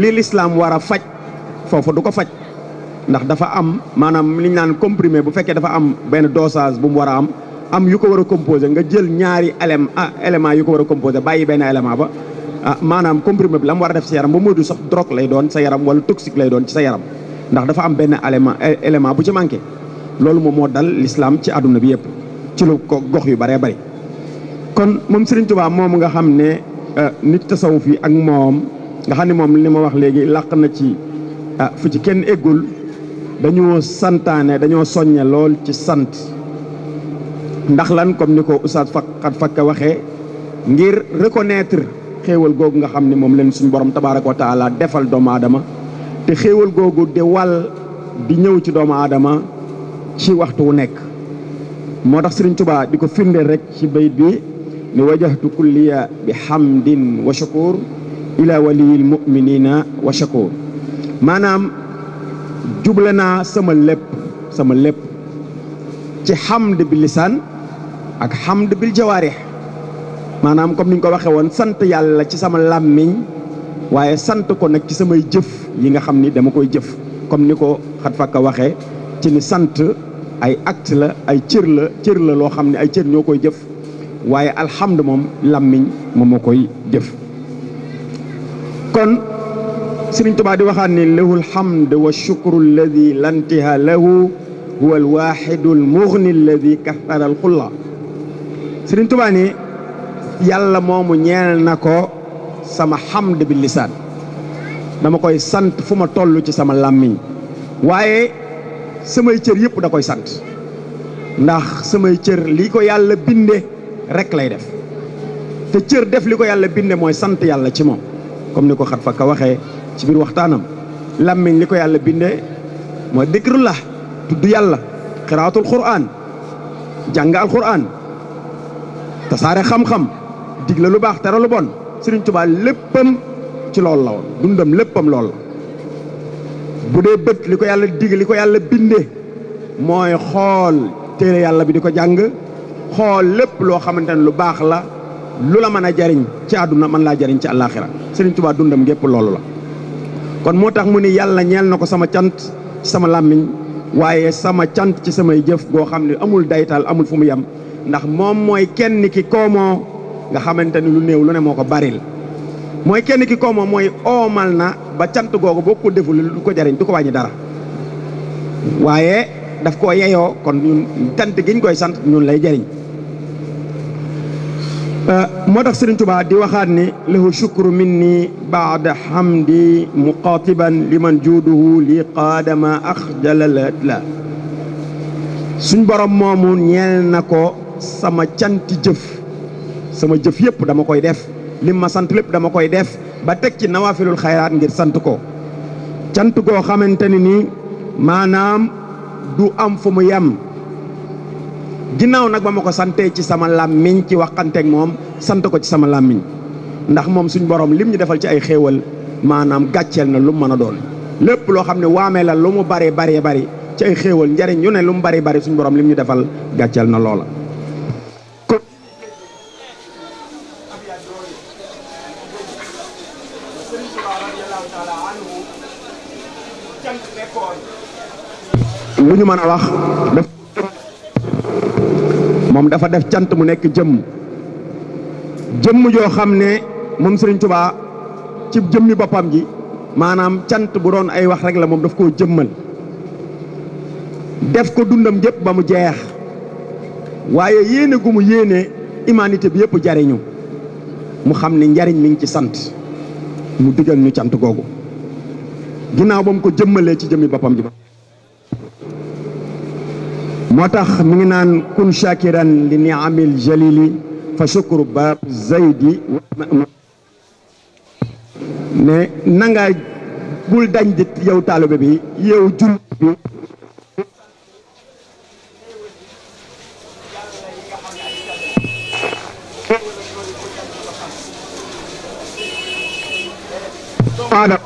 li lislaam war a faj foofu du ko faj ndax dafa am maanaam li ñu naan comprimer bu fekkee dafa am benn dosage bu mu war a am am yu ko war a composé nga jël ñaari élém ah, élément yu ko war a composé bàyyi benn élément ba ah maanaam bi la mu war a def sa yaram ba muy du sax drogue lay doon sa yaram wala toxique lay doon ci sa yaram ndax dafa am benn élément élément bu ci manqué loolu moom moo dal lislaam ci àdduna bi yëpp ci lu ko gox yu bëree bëri kon moom Serigne Touba moom nga xam ne Euh, nit tasawuf yi ak moom nga xam ne moom li ma wax léegi làq na ci ah, fu ci kenn eggul dañoo santaane dañoo soññe lool ci sant ndax lan comme ni ko Oustaz Fakkat Fakka waxee ngir reconnaître xéewal googu nga xam ne moom leen suñu borom tabaaraka wa defal doomu aadama te xéewal googu di wal di ñëw ci doomu aadama ci waxtu wu nekk moo tax Sëriñ Tuubaa di ko firndeel rek ci bayit bi ni wajahtu kulliya bi hamdin wa shakur ila waliyil muminina wa shakur maanaam juble naa sama lépp sama lépp ci hamd bi lisaan ak hamd bil jawaarih maanaam comme ni ko waxee woon sant yàlla ci sama làmmiñ waaye sant ko nag ci samay jëf yi nga xam ni dama koy jëf comme ni ko xat fakka waxee ci ni sant ay akt la ay cër la cër la loo xam ne ay cër ñoo koy jëf waaye alhamdu moom làmmiñ moom moo koy jëf kon sëriñ Tuubaa di waxaat ne lahu alhamd wa shukru alladi la intiha lahu huwa alwaxidu almugni alladi kaffara sëriñ Tuubaa yàlla moomu ñeel na ko sama xamd bi dama koy sant fu ma toll ci sama làmmiñ waaye samay cër yëpp da koy sant ndax samay cër lii ko yàlla binde rek lay def te cër def li ko yàlla binde mooy sant yàlla ci moom comme ni ko xat fakka waxee ci biir waxtaanam làmmiñ li ko yàlla binde mooy dikrullah tudd yàlla xiraatul quraan jàng al quraan tasaare xam-xam digle lu baax tere lu bon Sëriñ Tuubaa léppam ci loolu la woon dundam léppam loolu la bu dee bët li ko yàlla dig li ko yàlla binde mooy xool téere yàlla bi di ko jàng xool lépp loo xamante ne lu baax la lu la mën a jariñ ci àdduna mën laa jariñ ci àllaaxira Sëriñ Tuubaa dundam gépp loolu la kon moo tax mu ni yàlla ñeel na ko sama cant ci sama làmmiñ waaye sama cant ci samay jëf goo xam ne amul daytaal amul fu mu yem ndax moom mooy kenn ki koomoo nga xamante ni lu néew lu ne moo ko baril mooy kenn ki koomoo mooy oomal na ba cant googu boo ko deful lu ko jariñ du ko wàññi dara waaye daf ko yeyoo kon ñun cant giñ koy sant ñun lay jariñ Euh, moo tax Sëriñ Tuubaa di waxaat ni lahu shukru minni mu hamdi li man juuduhu li qaadama axjalal la suñ borom moomu ñeel na ko sama canti jëf sama jëf yëpp dama koy def lim ma sant lépp dama koy def ba teg ci nawaafilul xayraat ngir sant ko cant goo xamante ni nii maanaam du am fu mu yem ginnaaw nag ba ma ko santee ci sama làmmiñ ci waxanteeg moom sant ko ci sama làmmiñ ndax moom suñ borom lim ñu defal ci ay xéewal maanaam gàcceel na lu mu mën a doon lépp loo xam ne waamee la lu mu baree baree bari ci ay xéewal njariñ ñu ne lu mu bari bari suñ borom lim ñu defal gàcceel na loola lu ñu mën a wax moom dafa def cant mu nekk jëmm jëmm joo xam ne moom Serigne Touba ci jëmmi boppam ji maanaam cant bu doon ay wax rek la moom daf koo jëmmal def ko dundam gépp ba mu jeex waaye yéene gu mu yéene humanité bi yëpp jariñu mu xam ne njariñ mi ngi ci sant mu digal ñu cant googu ginnaaw ba mu ko jëmmalee ci jëmmi boppam ji moo tax mi ngi naan kun shakiran li niamil jalili fa shukru baab zaydi ne nanga bul dañ di yow taalibe bi yow jul bi aadam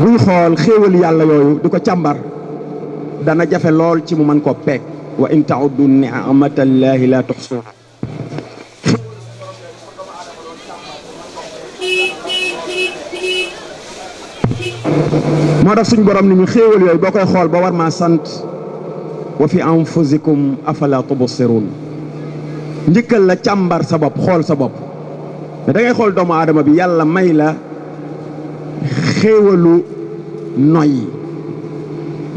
buy xool xéewal yàlla yooyu di ko càmbar dana jafe lool ci mu man koo peeg wa in tauddu ni'matallaahi laa tuxsuha moo tax suñ borom ni ñu xéewal yooyu boo koy xool ba war maa sant wa fi anfusikum afala tubsirun njëkkal la càmbar sa bopp xool sa bopp mais ngay xool doomu aadama bi yàlla may la xéewalu noyyi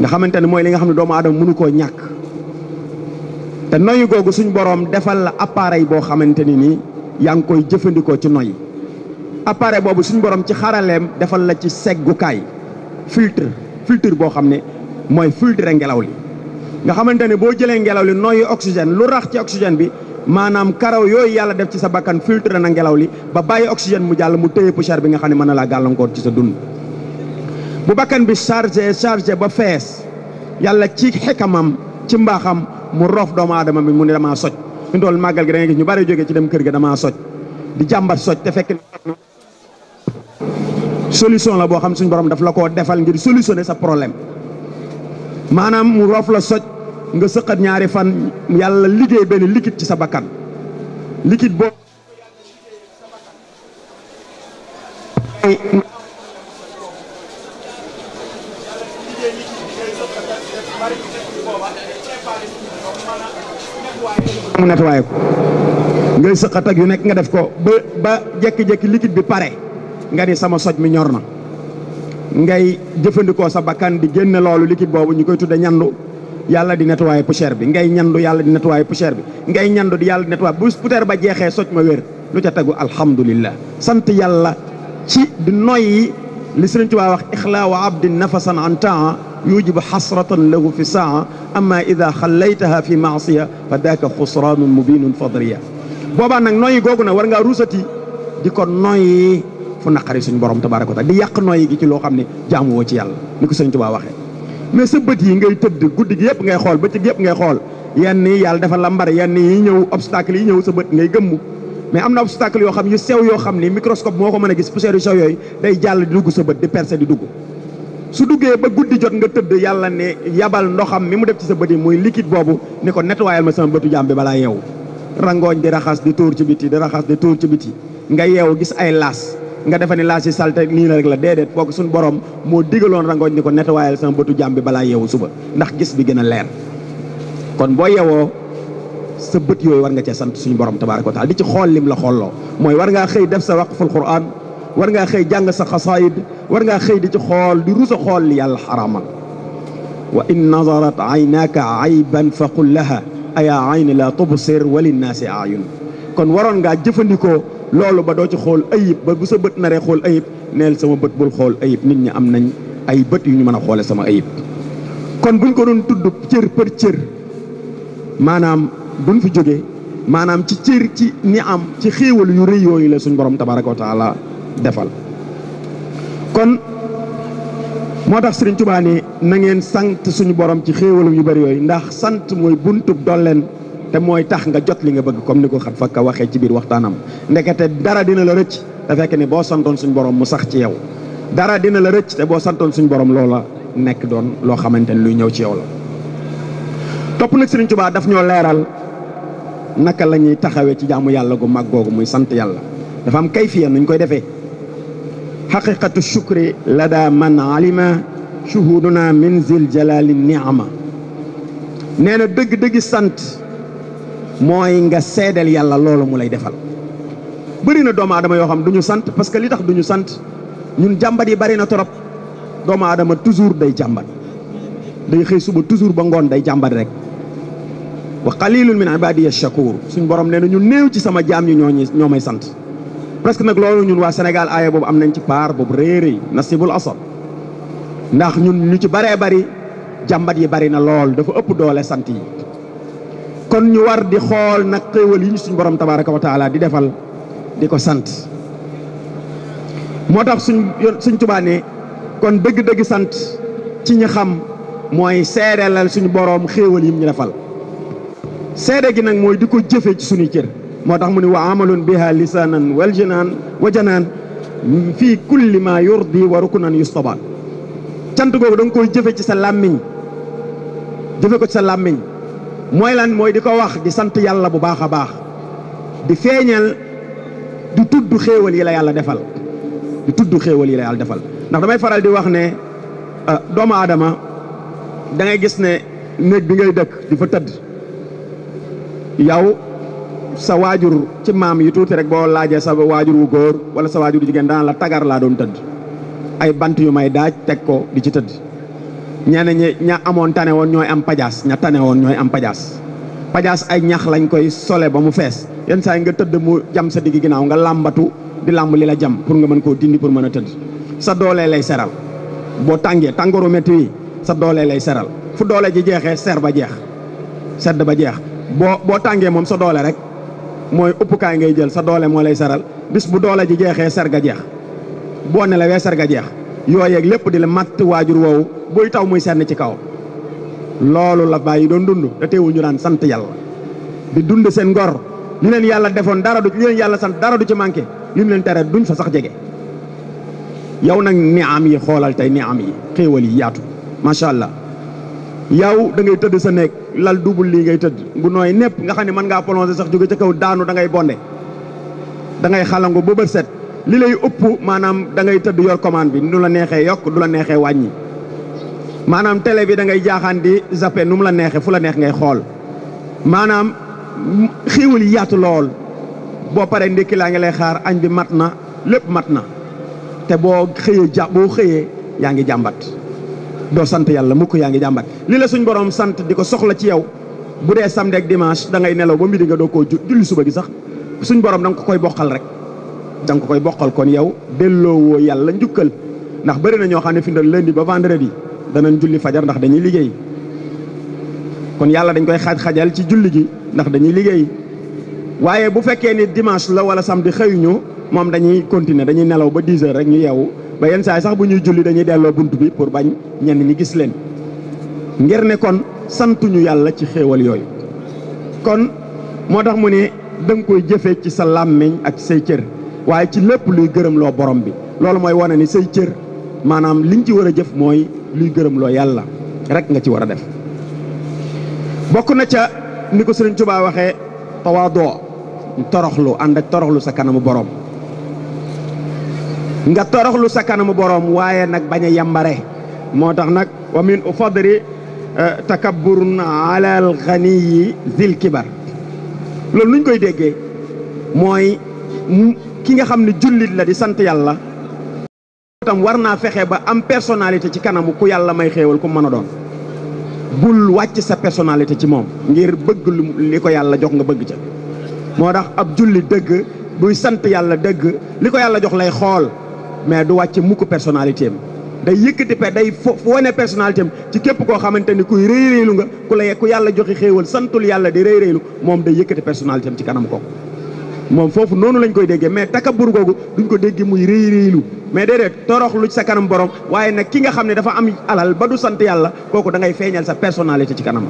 nga xamante ne mooy li nga xam ne doomu aadama mënu koo ñàkk te noyyi googu suñ boroom defal la appareil boo xamante ni nii yaa ngi koy jëfandikoo ci noyyi appareil boobu suñ boroom ci xaraleem defal la ci seggukaay filtre filtre boo xam ne mooy filtre ngelaw li nga xamante boo jëlee ngelaw li noyyi oxygène lu rax ci oxygène bi maanaam karaw yooyu yàlla def ci sa bakkan filtre na ngelaw li ba bàyyi oxygène mu jàll mu téye poussière bi nga xam ne mën na laa gàllankoor ci sa dund bu bakkan bi chargé chargé ba fees yàlla ci xekamam ci mbaaxam mu roof doomu aadama bi mu ne damaa soj fi mu toll màggal gi ñu bari jóge ci dem kër ga damaa soj di jàmbat soj te fekk solution la boo xam suñ borom daf la koo defal ngir solutionner sa problème maanaam mu roof la soj nga sëqat ñaari fan yàlla liggéey benn liquide ci sa bakkan liquide boobu nettoyé ko ngay sëqat ak yu nekk nga def ko ba ba jékki-jékki liquide bi pare nga ni sama soj mi ñor na ngay jëfandikoo sa bakkan di génne loolu liquide boobu ñu koy tudde ñandu yàlla di nettoyé poussière bi ngay ñandu yàlla di nettoyé poussière bi ngay ñandu yàlla di nettoyé bu poussière ba jeexee soj ma wér lu ca tegu alhamdulillah sant yàlla ci di noyyi li Sëriñ Tuubaa wax ixlaa wa abdin nafasan an taa yujibu xasratan lahu fi saa amma ida xallaytaha fi maasiya fa daaka xusraanun mubinun fadriya boobaa nag nooyi googu nag war ngaa ruusati di ko nooyi fu naqari suñ borom tabaaraka wa taala di yàq nooyi gi ci loo xam ne jaamu woo ci yàlla ni ko Sëriñ Tuubaa waxee mais sa yi ngay tëdd guddi gi yëpp ngay xool ba bëccëg yëpp ngay xool yenn yi yàlla dafa la yan yi ñëw obstacle yi ñëw sa bët ngay gëmm mais am na obstacle yoo xam yu sew yoo xam ni microscope moo ko mën a gis poussière yu sew yooyu day jàll di dugg sa bët di percer di dugg su duggee ba guddi jot nga tëdd yàlla ne yabal ndoxam mi mu def ci sa bët yi muy liquide boobu ni ko nettoyal ma sama bëtu jaam bi balaa yeewu rangooñ di raxas di tuur ci biti di raxas di tuur ci biti nga yeewu gis ay laas nga defe ne laas yi salte nii la rek la déedéet kooku suñu borom moo digaloon rangooñ ni ko nettoyal sama bëtu jaam balaa yeewu suba ndax gis bi gën a leer sa bët yooyu war nga cee sant suñu borom tabaaraka wa taala di ci xool lim la xoolloo mooy war ngaa xëy def sa waqful quraan war ngaa xëy jàng sa xasaayid war ngaa xëy di ci xool di rusa xool li yàlla xaraamal wa in nazarat aynaaka ayban fa qul laha ayaa ayni la tubsir wa linnaasi ayun kon waroon ngaa jëfandikoo loolu ba doo ci xool ayib ba bu sa bët naree xool ayib neel sama bët bul xool ayib nit ñi am nañ ay bët yu ñu mën a xoole sama ayib kon buñ ko doon tudd cër për cër maanaam duñ fi jógee maanaam ci cër ci ni am ci xéewal yu rëy yooyu la suñ borom tabaraka wa taala defal kon moo tax sëriñ Tuubaa ne na ngeen sant suñu borom ci xéewalam yu bari yooyu ndax sant mooy buntub leen te mooy tax nga jot li nga bëgg comme ni ko xat fakka waxee ci biir waxtaanam ndekete dara dina la rëcc te fekk ne boo santoon suñu borom mu sax ci yow dara dina la rëcc te boo santoon suñu borom loola nekk doon loo xamante ne luy ñëw ci yow la naka la ñuy taxawee ci jaamu yàlla gu mag googu muy sant yàlla dafa am kayfiya nuñ koy defee xaqiqatu shukri la daa man alima shuhuduna min zil jalali niama nee na dëgg-dëgg sant mooy nga seedeel yàlla loolu mu lay defal bëri na doomu aadama yoo xam du ñu sant parce que li tax duñu sant ñun jàmbat yi bari na trop doomu aadama toujours day jàmbat day xëy suba toujours ba ngoon day jàmbat rek wa qalilun min ibadiya shakur suñ borom nee na ñu néew ci sama jaam ñi ñooñu ñoo may sant presque nag loolu ñun waa Sénégal aaya boobu am nañ ci paar boobu réeréy nasibul asab ndax ñun ñu ci baree bari jàmbat yi bari na lool dafa ëpp doole sant yi kon ñu war di xool nag xéewal yi ñu suñ borom tabaraka wa taala di defal di ko sant moo tax suñ suñ Tuubaa kon dëgg-dëgg sant ci ñu xam mooy seereelal suñu boroom xéewal yim ñu defal seede gi nag mooy di ko jëfee ci suñuy cër moo tax mu ne wa amaloon biha lisaanan wal jinaan wa fii kulli ma yurdi wa rukunan yustabaan cant googu da nga koy jëfee ci sa làmmiñ jëfe ko ci sa làmmiñ mooy lan mooy di ko wax di sant yàlla bu baax a baax di feeñal di tudd xéewal yi la yàlla defal di tudd xéewal yàlla defal ndax damay faral di wax ne ah, doomu aadama da gis ne néeg bi ngay dëkk di fa tëdd yow sa waajur ci maam yi tuuti rek boo laajee sa waajur wu góor wala sa waajur jigéen daan la tagar laa doon tëdd ay bant yu may daaj teg ko di ci tëdd ñeneen ñi ña amoon tane woon ñooy am pajaas ña tane woon ñooy am pajaas pajaas ay ñax lañ koy sole ba mu fees yenn saa nga tëdd mu jam sa digg ginnaaw nga làmbatu di làmb li la jam pour nga mën koo dindi pour mën a tëdd sa doolee lay seral boo tàngee tàngooru métti wi sa doolee lay seral fu doole ji jeexee ser ba jeex sedd ba jeex boo boo tàngee moom sa doole rek mooy uppukaay ngay jël sa doole moo lay saral bis bu doole ji jeexee sarga jeex boo nelawee sarga jeex yooyeeg lépp di la matt waajur woowu buy taw muy senn ci kaw loolu la bàyyi doon dund te teewul ñu daan sant yàlla di dund seen ngor li leen yàlla defoon dara du li leen yàlla sant dara du ci manqué li mu leen tere duñ fa sax jege yow nag niam yi xoolal tey am yi xéewal yi yaatu macha allah yow da ngay tëdd sa néeg lal double lii ngay tëdd bu nooy népp nga xam ne mën ngaa plongé sax jóge ca kaw daanu da ngay bonde da ngay xalangu ba bët set li lay ëpp maanaam dangay tëdd yor commande bi nu la neexee yokk du la neexee wàññi maanaam télé bi da ngay jaaxaan di zappe nu mu la neexee fu la neex ngay xool maanaam xiiwal yi yaatu lool boo paree ndékki laa ngi lay xaar añ bi mat na lépp mat na te boo xëyee ja boo xëyee yaa ngi jàmbat doo sant yàlla mukk yaa ngi jàmbat li la suñ borom sant di ko soxla ci yow bu dee samedi ak dimanche da ngay nelaw ba midi nga doo koo julli suba gi sax suñ borom da ko koy bokkal rek da nga ko koy bokkal kon yow delloowoo yàlla njukkal ndax bëri na ñoo xam ne fi mu lundi ba vendredi danañ julli fajar ndax dañuy liggéey kon yàlla dañ koy xaaj-xajal ci julli gi ndax dañuy liggéey waaye bu fekkee ni dimanche la wala samedi xëyuñu moom dañuy continuer dañuy nelaw ba 10 heures rek ñu yeewu ba yenn saay sax bu ñuy julli dañuy delloo bunt bi pour bañ ñenn ñi gis leen ngir ne kon santuñu yàlla ci xéewal yooyu kon moo tax mu ne danga koy jëfee ci sa làmmiñ ak say cër waaye ci lépp luy gërëmloo borom bi loolu mooy wane ni say cër maanaam liñ ci war a jëf mooy luy gërëmloo yàlla rek nga ci war a def bokk na ca ni ko Sëriñ Tuubaa waxee tawaadoo toroxlu ànd ak toroxlu sa kanamu borom nga toroxlu sa kanamu boroom waaye nag bañ a yambare moo tax nag wa min u fadri eh, takabburun ala al ghaniyi zil kibar loolu luñ koy déggee mooy ki nga xam ne jullit la di sant yàlla tam war naa fexe ba am personnalité ci kanamu ku yàlla may xéewal ku mën a doon bul wàcc sa personnalité ci moom ngir bëgg li ko yàlla jox nga bëgg ca moo tax ab julli dëgg buy sant yàlla dëgg li ko yàlla jox lay xool mais du wàcce mukk personnalité am day yëkkati pe day fo wane personnalité am ci képp koo xamante ni kuy rëy rëylu nga ku la ku yàlla joxe xéewal santul yàlla di rëy rëylu moom day yëkkati personnalité am ci kanam kooku moom foofu noonu lañ koy déggee mais takabur googu duñ ko déggee muy rëy rëylu mais déedéet torox lu sa kanam borom waaye nag ki nga xam ne dafa am alal ba du sant yàlla kooku da ngay feeñal sa personnalité ci kanam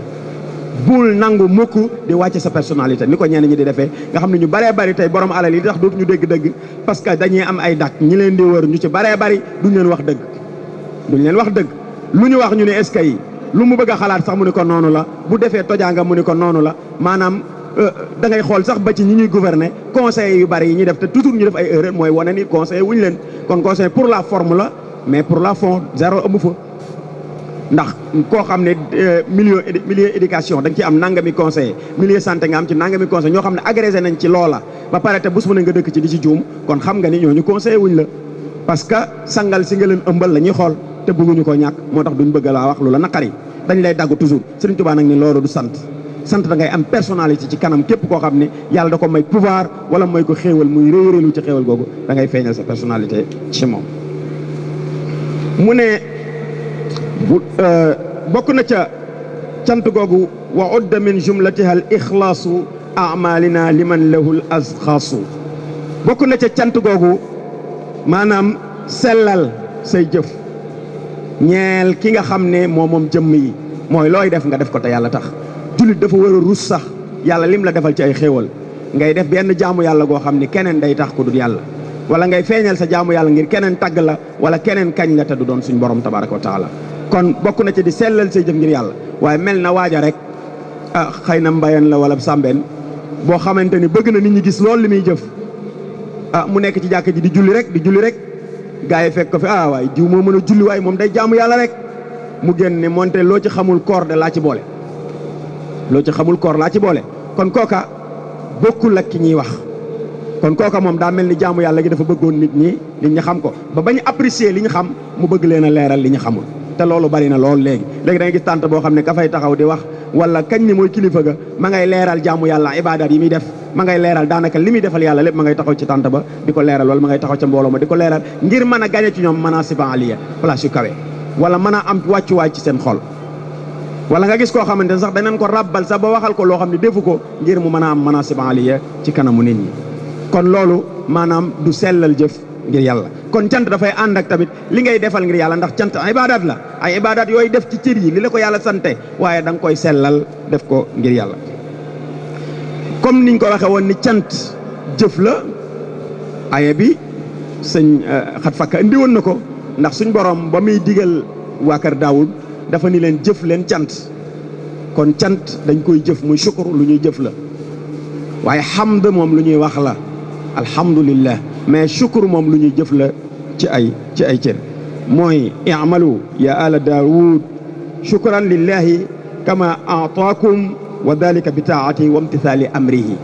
bul nangu mukk di wàcc sa personnalité ni ko ñenn ñi di defee nga xam ne ñu baree bari tey borom alal yi tax dootu ñu dégg dëgg parce que dañuy am ay dak ñi leen di wër ñu ci baree bari duñ leen wax dëgg duñ leen wax dëgg lu ñu wax ñu ne est-ce que lu mu bëgg a xalaat sax mu ne ko noonu la bu defee tojaanga mu ne ko noonu la maanaam euh, da ngay xool sax ba ci ñi ñuy gouverner conseil yu bari yi ñuy def te toujours ñu def ay erreur mooy wane ni conseil wuñ leen kon conseil pour la forme la mais pour la fond zéro amu fa ndax koo xam ne euh, milieu milieu éducation da nga ci am nangami conseil milieu santé nga am ci nangami conseil ñoo xam ne agrégé nañ ci loola ba pare te bés bu ne nga dëkk ci di ci juum kon xam nga ni ñooñu conseillé wuñ la parce que sangal si nga leen ëmbal la ñuy xool te bëgguñu ko ñàkk moo tax duñ bëgg laa wax lu la naqari dañ lay dagg toujours Serigne Touba nag ni loolu du sant sant da ngay am personnalité ci kanam képp koo xam ne yàlla da ko may pouvoir wala may ko xéewal muy réeréelu ci xéewal googu da ngay feeñal sa personnalité ci moom Euh, bokk na ca cant googu wa udda min jumlatiha al ixlaasu amalina liman lahu l azxaasu bokk na ca cant googu maanaam sellal say jëf ñeel ki nga xam ne moo moom jëmm yi mooy looy def nga def ko te yàlla tax jullit dafa war a rus sax yàlla lim la defal ci ay xéewal ngay def benn jaamu yàlla goo xam ne keneen day tax ku dul yàlla wala ngay feeñal sa jaamu yàlla ngir keneen tagg la wala keneen kañ la te du doon suñu borom tabaraka wa taala kon bokk na ci di sellal say jëf ngir yàlla waaye mel na waaja rek ah xëy na mbayan la wala sàmbeen boo xamante ni bëgg na nit ñi gis loolu li muy jëf ah mu nekk ci jàkk ji di julli rek di julli rek gars yi fekk ko fi ah waaye jiw moo mën a julli waaye moom day jaamu yàlla rek mu génn ne moonte loo ci xamul koor de laa ci boole loo ci xamul koor laa ci boole kon kooka bokkul ak ki ñuy wax kon kooka moom daa mel ni jaamu yàlla gi dafa bëggoon nit ñi nit ñi xam ko ba bañ apprécier li ñu xam mu bëgg leen a leeral li ñu xamul te loolu bari na lool léegi léegi da nga gis tànt boo xam ne ka fay taxaw di wax wala kañ ni mooy kilifa ga ma ngay leeral jaamu yàlla ibaadaat yi muy def ma ngay leeral daanaka li muy defal yàlla lépp ma ngay taxaw ci tànt ba di ko leeral wala ma ngay taxaw ca mbooloo di ko leeral ngir mën a gañe ci ñoom mën a siban aliya place yu kawe wala mën a am wàccuwaay ci seen xol wala nga gis koo xamante sax danañ ko rabbal sax ba waxal ko loo xam ne defu ko ngir mu mën am manaasib aliya ci kanamu nit ñi kon loolu maanaam du ngir yàlla kon cant dafay ànd ak tamit li ngay defal ngir yàlla ndax cant ay ibaadaat la ay ibaadaat yooyu def ci cër yi li la ko yàlla sante waaye danga nga koy sellal def ko ngir yàlla comme niñ ko waxee woon ni cant jëf la aye bi sëñ eh, xat fakka indi na ko ndax suñ borom ba muy digal waa kër dafa ni leen jëf leen cant kon cant dañ koy jëf muy sukkur lu ñuy jëf la waaye xamd moom lu ñuy wax la alhamdulillah mais shukur moom lu ñuy jëf la ci ay ci ay cër mooy i'malu ya ala daawud shukran lillahi kama aataakum wa dalika bi taati wa imtithaali amrihi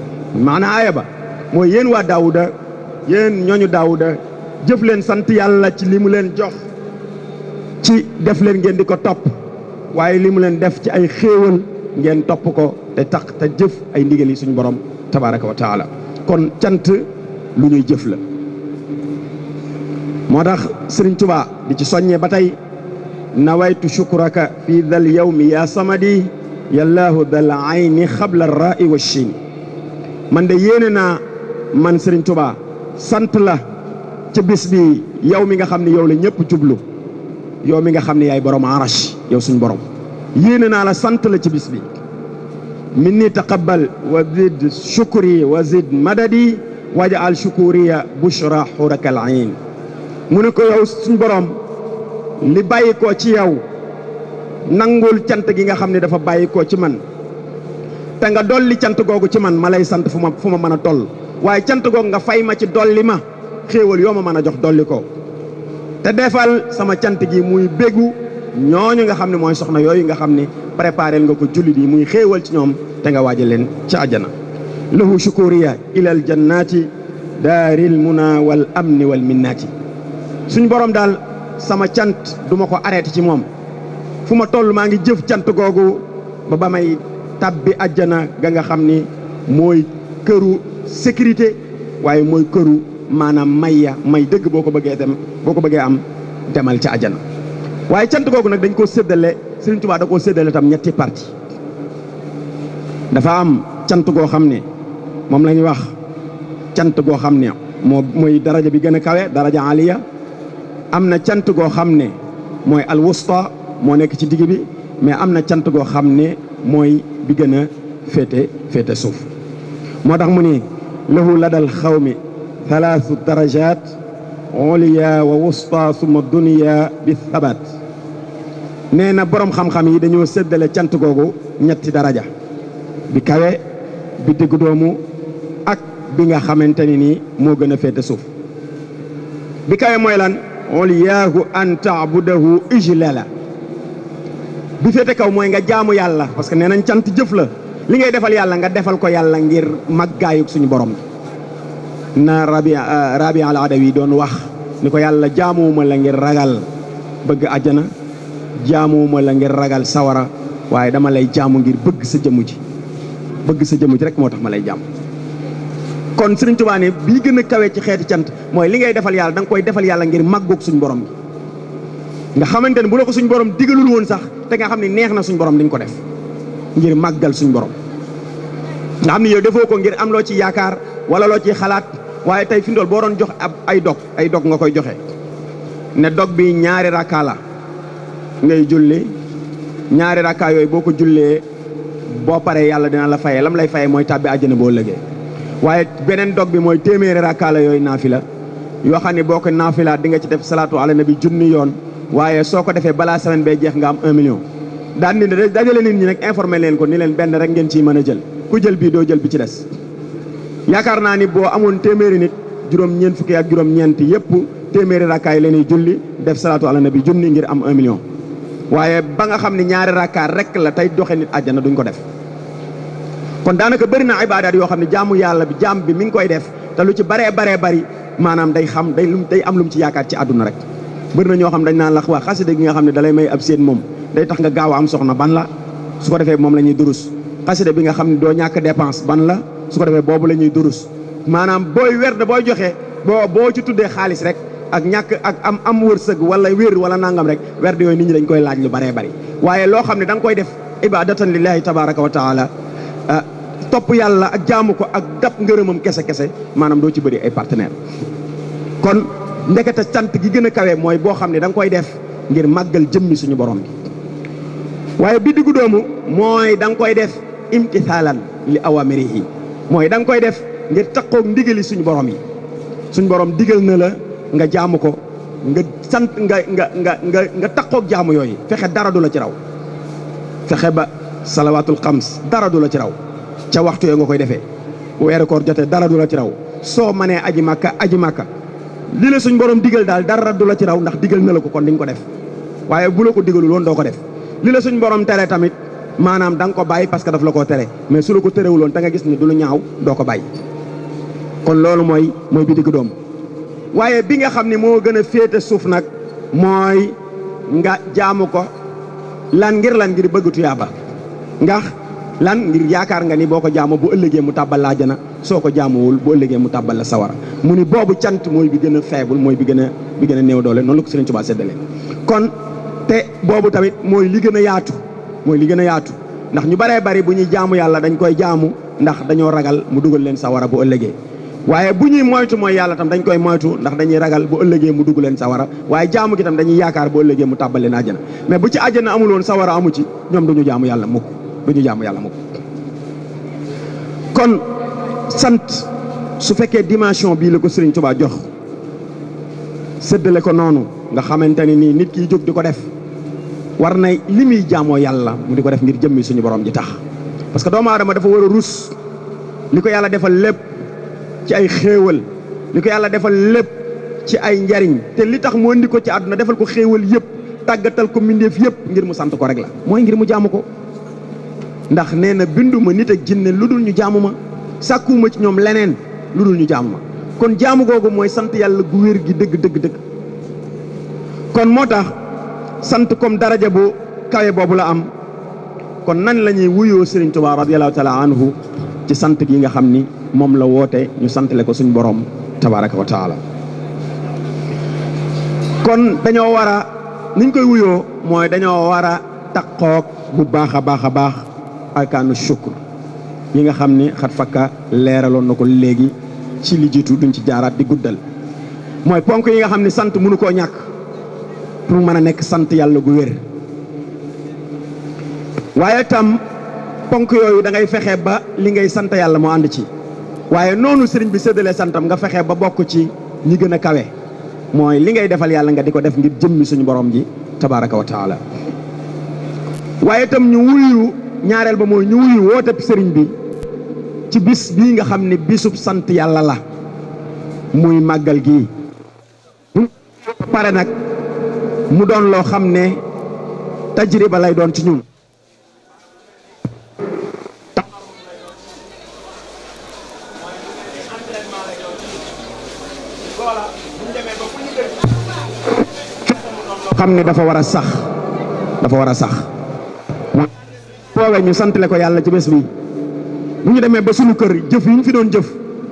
maana aaya ba mooy yéen waa daawuda yéen ñooñu daawuda jëf leen sant yàlla ci li mu leen jox ci def leen ngeen di ko topp waaye li mu leen def ci ay xéewal ngeen topp ko te tax te jëf ay ndigal suñu borom tabaraka wa taala kon cant lu ñuy jëf la moo tax sëriñ Tuubaa di ci soññe ba tey nawaytu shukuraka fi dal yawmi ya samadi yallaahu dal ayni xabla rai wa chini man de yéene naa man sëriñ Tuubaa sant la ci bis bi yow mi nga xam ne yow la ñëpp cublu yow mi nga xam ne yay borom arash yow suñ borom yéene naa la sant la ci bis bi taqabbal wa zid shukri wa zid madadi wajaal shukuriya bushra xurakal ayn mu ne ko yow suñ borom li bàyyi ko ci yow nangul cant gi nga xam ne dafa bàyyi ko ci man te nga dolli cant googu ci man malay sant fu ma fu ma mën a toll waaye cant googu nga fay ma ci dolli ma xéewal yoo ma mën a jox dolli ko te defal sama cant gi muy bégu ñooñu nga xam ne mooy soxna yooyu nga xam ni préparé nga ko jullit yi muy xéewal ci ñoom te nga waajal leen ci àjjana lahu shukuriya ilal jannaati daaril muna wal amni wal minnaati suñ borom daal sama cant duma ko arrêté ci moom fu ma toll maa ngi jëf cant googu ba ba may tabbi ajjana ga nga xam ni mooy këru sécurité waaye mooy këru maanaam may ya may dëgg boo ko bëggee dem boo ko bëggee am demal ca ajjana waaye cant googu nag dañ ko séddale Sëriñ Tuubaa da koo séddale tam ñetti parti dafa am cant goo xam ne moom la ñuy wax cant goo xam ne moo mooy daraja bi gën a kawe daraja aliya am na cant goo xam ne mooy alwusta moo nekk ci digg bi mais am na cant goo xam ne mooy bi gën a féete féete suuf moo tax mu ni lahu ladal xawmi thalathu darajat oliya wa wusta suma duniya bi thabat nee na boroom xam-xam yi dañoo séddale cant googu ñetti daraja bi kawe bi diggu doomu bi nga xamante ni nii moo gën a féete suuf bi kawe mooy lan oliyaahu an taabudahu ijla la bi féete kaw mooy nga jaamu yàlla parce que nee nañ cant jëf la li ngay defal yàlla nga defal ko yàlla ngir màggaayug suñu borom bi na rabi euh, rabi al adawi doon wax ni ko yàlla ma la ngir ragal bëgg ajjana jaamuwuma la ngir ragal sawara waaye dama lay jaamu ngir bëgg sa jëmm ji bëgg sa jëmm ji rek moo tax ma lay jaamu kon sëriñ Tuubaa ne bi gën a kawe ci xeeti cant mooy li ngay defal yàlla danga koy defal yàlla ngir màggoog suñ borom bi nga xamante ne bu la ko suñ borom digalul woon sax te nga xam ne neex na suñ borom liñ ko def ngir màggal suñ borom nga xam ne yoo defoo ko ngir am loo ci yaakaar wala loo ci xalaat waaye tey fi mu toll boo doon jox ab ay dog ay dog nga koy joxe ne dog bi ñaari rakka la ngay julli ñaari rakka yooyu boo ko jullee boo paree yàlla dina la fayee lam lay fayee mooy tàbbi àjjana boo lëgee waaye beneen dog bi mooy téeméeri rakkaa la yooyu naafila yoo xam ne boo ko naafilaat di nga ci def salaatu ala nabi junni yoon waaye soo ko defee balaa semaine bay jeex nga am un million daan ni dajale nit ñi nag informé leen ko ni leen benn rek ngeen ciy mën a jël ku jël bii doo jël bi ci des yaakaar naa ni boo amoon téeméeri nit juróom ñeent fukki ak juróom ñeent yëpp téeméeri rakkaa yi leen julli def salaatu ala nabi junni ngir am un waaye ba nga xam ne ñaari rakkaa rek la tey doxe nit àjjana duñ ko def kon daanaka bëri na ibaadaat yoo xam ne jaamu yàlla bi jaam bi mi ngi koy def te lu ci baree baree bari maanaam day xam day lum day am lum ci yaakaar ci àdduna rek bëri na ñoo xam dañ naan la waa xasida gi nga xam ne dalay may ab moom day tax nga gaaw a am soxna ban la su ko defee moom la ñuy durus xasida bi nga xam ne doo ñàkk dépense ban la su ko defee boobu la ñuy durus maanaam booy de boo joxee boo boo ci tuddee xaalis rek ak ñàkk ak am am wërsëg wala wér wala nangam rek werd yooyu nit ñi dañ koy laaj lu baree bari waaye xam ne da koy def ibadatan lillahi tabaraka wa taala ah, topp yàlla ak jaamu ko ak dab ngërëmam kese kese maanaam doo ci bëri ay partenaire kon ndekete sant gi gën a kawe mooy boo xam ne da nga koy def ngir màggal jëmmi suñu borom bi waaye bi diggu doomu mooy da nga koy def imtisaalan li awamirihi mooy da nga koy def ngir taqoog ndigali suñu borom yi suñu borom digal na la nga jaamu ko nga sant nga nga nga nga nga taqoog jaamu yooyu fexe dara du la ci raw fexe ba salawaatul xams dara du la ci raw ca waxtu yo nga koy defee weeru koor dara du la ci raw soo manee aji màkka aji makka li la suñ borom digal daal dara du la ci raw ndax digal na la ko kon di ko def waaye bu la ko digalul woon doo ko def li la suñ borom tere tamit maanaam da ko bàyyi parce que daf la koo tere mais su la ko terewuloon da nga gis ni du lu ñaaw doo ko bàyyi kon loolu mooy mooy bi digg doom waaye bi nga xam ne moo gën a féete suuf nag mooy nga jaamu ko lan ngir lan ngir bëgg lan ngir yaakaar nga ni boo ko jaamoo bu ëllëgee mu tàbbal la ajjana soo ko jaamoowul bu ëllëgee mu tàbbal la sawara mu ni boobu cant mooy bi gën a mooy bi gën a bi gën a néew doole noon la ko Sëriñ Tuubaa séddale kon te boobu tamit mooy li gën a yaatu mooy li gën a yaatu ndax ñu baree bari bu ñuy jaamu yàlla dañ koy jaamu ndax dañoo ragal mu dugal leen sawara bu ëllëgee waaye bu ñuy moytu mooy yàlla tam dañ koy moytu ndax dañuy ragal bu ëllëgee mu dugg leen sawara waaye jaamu gi tam dañuy yaakaar bu ëllëgee mu tàbbal leen ajjana mais bu ci ajjana amul woon sawara amu ci ñoom duñu jaamu yàlla mukk du ñu jaamu yàlla mukk kon sant su fekkee dimension bii la ko Sëriñ Tuubaa jox séddale ko noonu nga xamante ne nii nit kiy jóg di ko def war na li muy jaamoo yàlla mu di ko def ngir jëmmi suñu borom ji tax parce que doomu aadama dafa war a rus li ko yàlla defal lépp ci ay xéewal li ko yàlla defal lépp ci ay njariñ te li tax moo indi ko ci àdduna defal ko xéewal yëpp tàggatal ko mbindeef yëpp ngir mu sant ko rek la mooy ngir mu jaamu ko ndax nee na binduma nit ak jinne lu dul ñu jaamu ma sàkkuwuma ci ñoom leneen lu dul ñu jaamu ma kon jaamu googu mooy sant yàlla gu wér gi dëgg dëgg dëgg kon moo tax sant comme daraja bu kawe boobu la am kon nan lañuy ñuy wuyoo Serigne Touba radiyallahu taala ci sant gi nga xam ni moom la woote ñu santale ko suñ boroom tabaraka kon dañoo war a niñ koy wuyoo mooy dañoo war a taqoog bu baax a baax a baax arkaanu shukr yi nga xam ne xat fakka leeraloon na ko léegi ci li jiitu duñ ci jaaraat di guddal mooy ponk yi nga xam ne sant mënu koo ñàkk pour mën a nekk sant yàlla gu wér waaye tam ponk yooyu dangay ngay fexe ba li ngay sant yàlla mu ànd ci waaye noonu sëriñ bi séddalee santam nga fexe ba bokk ci ñi gën a kawe mooy li ngay defal yàlla nga di ko def ngir jëmmi suñu borom ji tabaraka wa taala waaye tam ñu wuyu ñaareel ba mooy ñu woote sëriñ bi ci bis bii nga xam ne bisub sant yàlla la muy màggal gi bu pare nag mu doon loo xam ne tajriba lay doon ci ñun xam ne dafa war a sax dafa war a sax foowee ñu santale ko yàlla ci bés bi bu ñu demee ba suñu kër jëf yi ñu fi doon jëf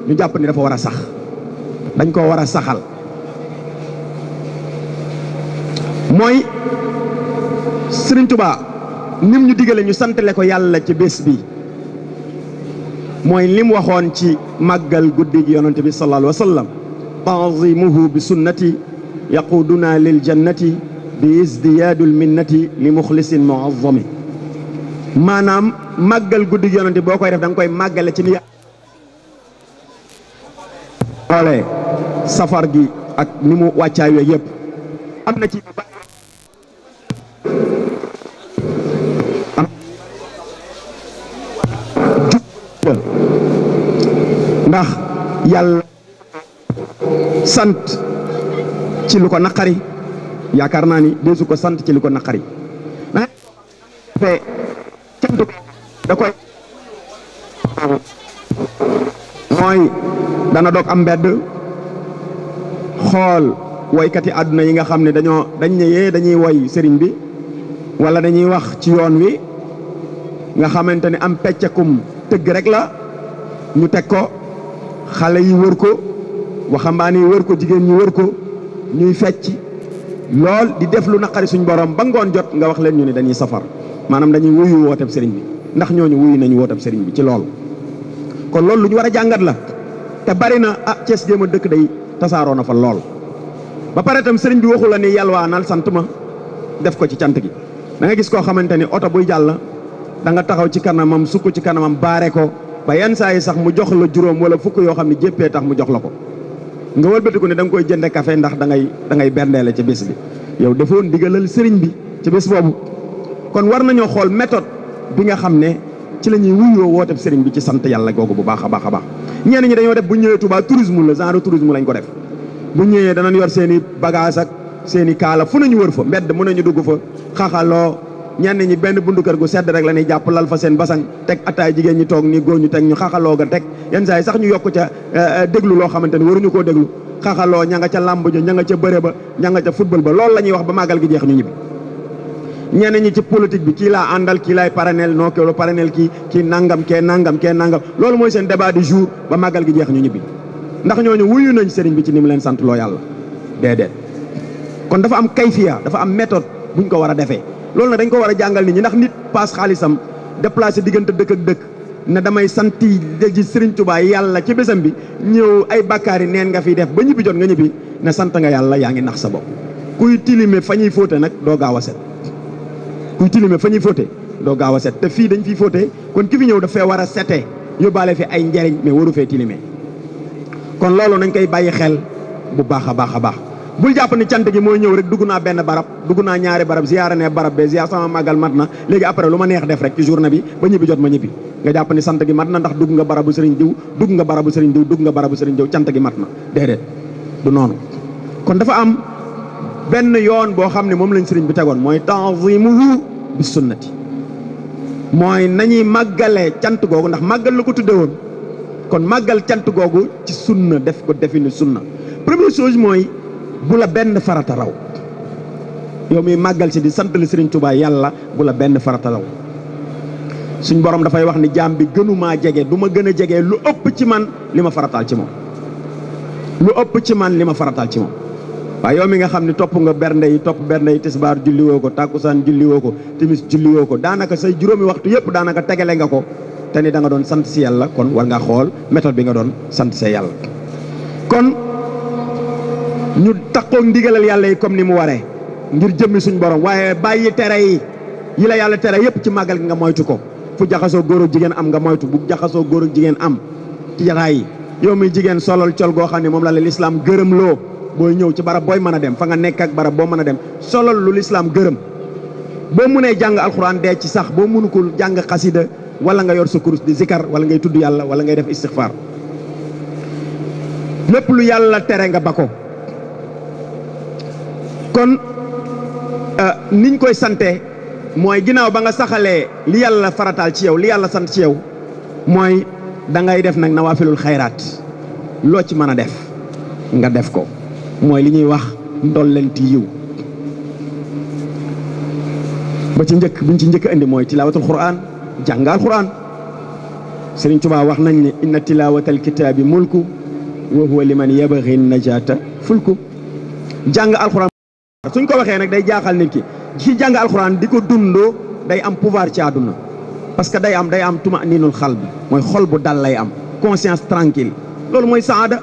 ñu jàpp ni dafa war a sax dañ koo war a saxal mooy Sëriñ Tuubaa nim ñu digale ñu santale ko yàlla ci bés bi mooy lim waxoon ci màggal guddi gi yonante bi sallallahu alayhi wa sallam tanzimuhu bi sunnati yaquduna lil jannati bi izdiyaadul minnati li muxlisin muazzami maanaam màggal guddi yonante boo koy def nga koy màggale ci ni xoolee safar gi ak ni mu wàccaay yooyu yëpp am na ci ndax yàlla sant ci lu ko naqari yaakaar naa ni deesu ko sant ci lu ko naqari da koy mooy dana dog am mbedd xool woykati àdduna yi nga xam ne dañoo dañ ne dañuy woy sëriñ bi wala dañuy wax ci yoon wi nga xamante ne am peccakum tëgg rek la ñu teg ko xale yi wër ko waxambaane yi wër ko jigéen ñi wër ko ñuy fecc lool di def lu naqari suñ borom ba ngoon jot nga wax leen ñu ni dañuy safar maanaam dañuy wuyu wooteeb sëriñ bi ndax ñooñu wuyu nañ wootam sëriñ bi ci loolu kon loolu lu ñu war a jàngat la te bari na ah Cees jéem a dëkk day tasaaroo na fa lool ba pare tam sëriñ bi waxu la ni yalwaanal sant ma def ko ci cant gi danga gis koo xamante ni oto buy jàll danga taxaw ci kanamam sukk ci kanamam baare ko ba yenn saa yi sax mu jox la juróom wala fukk yoo xam ne jéppee tax mu jox la ko nga ko ne da nga koy jënde café ndax dangay da ngay bendeele ci bés bi yow defoon digalal sëriñ bés boobu kon war nañoo xool méthode bi nga xam ne ci la ñuy woo wooteeb sëriñ bi ci sant yàlla googu bu baax a baax a baax ñenn ñi dañoo def bu ñëwee Touba tourisme la genre tourisme lañ ko def bu ñëwee danañ yor seen i bagage ak seeni i kaala fu ñu wër fa mbedd mën nañu dugg fa xaxaloo ñenn ñi benn bundu kër gu sedd rek la ñuy jàpp lal fa seen basang teg attaay jigéen ñi toog nii góor ñu teg ñu xaxaloo ga teg yenn saa yi sax ñu yokk ca eh, eh, déglu loo xamante ne waruñu koo déglu xaxaloo ña nga ca làmb ja ña nga ca bëre ba ña nga ca football ba loolu la ñuy wax ba màggal gi jeex ñu ñeneen ñi ci politique bi kii laa àndal kii laay paranel non kii la paranel kii kii nangam kee nangam kee nangam loolu mooy seen débat du jour ba màggal gi jeex ñu ñibbi ndax ñooñu wuyu nañ sëriñ bi ci ni mu leen sant loo yàlla déedéet. kon dafa am kayfiya dafa am méthode buñ ko war a defee loolu nag dañ ko war a jàngal nit ñi ndax nit paas xaalisam déplacé diggante dëkk ak dëkk ne damay santi ji sëriñ Tuubaa yàlla ci besam bi ñëw ay bàkkaar yi neen nga fiy def ba ñibbi jot nga ñibbi ne sant nga yàlla yaa ngi nax sa bopp kuy tilime fa ñuy fóote nag doo gaaw a set ku tilime fa ñuy fóote doo gaaw a set te fii dañ fiy fóote kon ki fi ñëw dafay war a setee yóbbaale fi ay njariñ mais waru fee tilime kon loolu nañ koy bàyyi xel bu baax a baax a baax bu jàpp ni cant gi mooy ñëw rek dugg naa benn barab dugg naa ñaari barab ziyaara ne barab be ziyaar sama màggal mat na léegi après lu ma neex def rek ci journée bi ba ñibbi jot ma ñibbi nga jàpp ni sant gi mat na ndax dugg nga barabu sëriñ diw dugg nga barabu sëriñ diw dugg nga barabu sëriñ diw cant gi na déedéet noonu kon dafa am benn yoon boo xam ne moom lañ sëriñ bi tegoon mooy bi sunnati mooy nañuy màggale cant googu ndax màggal la ko tudde kon màggal cant googu ci sunna def ko défini sunna première chose mooy bu la benn farata raw yow mi màggal si di sant la tubaay Tuubaa yàlla bu la benn farata raw suñ borom dafay wax ni jaam bi gënumaa jege du ma gën a jege lu ëpp ci man li ma farataal ci moom lu ëpp ci man li ma farataal ci moom waaye yow mi nga xam ne topp nga bernde yi topp bernde yi tisbaar julliwoo ko tàkkusaan julliwoo ko timis julliwoo ko daanaka sa juróomi waxtu yëpp daanaka tegale nga ko te ni da nga doon sant si yàlla kon war nga xool méthode bi nga doon sant sa yàlla kon ñu takkoog ndigalal yàlla yi comme ni mu waree ngir jëmmi suñ borom waaye bàyyi tere yi yi la yàlla tere yëpp ci màggal gi nga moytu ko fu jaxasoo góor ak jigéen am nga moytu bu jaxasoo góor ak jigéen am ci jataay yi mi jigéen solol col goo xam ne moom la la lislaam gërëm loo booy ñëw ci barab booy mën a dem fa nga nekk ak barab boo mën a dem solal lu lislaam gërëm boo mënee jàng alxuraan dee ci sax boo mënu ko jàng xasida wala nga yor sa kurus di zikar wala ngay tudd yàlla wala ngay def istixfaar lépp lu yàlla tere nga ba ko kon euh, niñ koy sante mooy ginnaaw ba nga saxalee li yàlla farataal ci yow li yàlla sant ci yow mooy dangay def nag nawaafilul xayraat loo ci mën a def nga def ko mooy li ñuy wax ndolleenti yiw ba ci njëkk biñ ci njëkk indi mooy tilaawatul quraan jàngaal quraan Sëriñ Tuubaa wax nañ ne inna tilaawatal kitaabi mulku wa huwa liman yabghi najaata fulku jàng alxuraan suñ ko waxee nag day jaaxal nit ki ci jàng alxuraan di ko dundoo day am pouvoir ci àdduna parce que day am day am tuma niinul xal mooy xol bu dal lay am conscience tranquille loolu mooy saada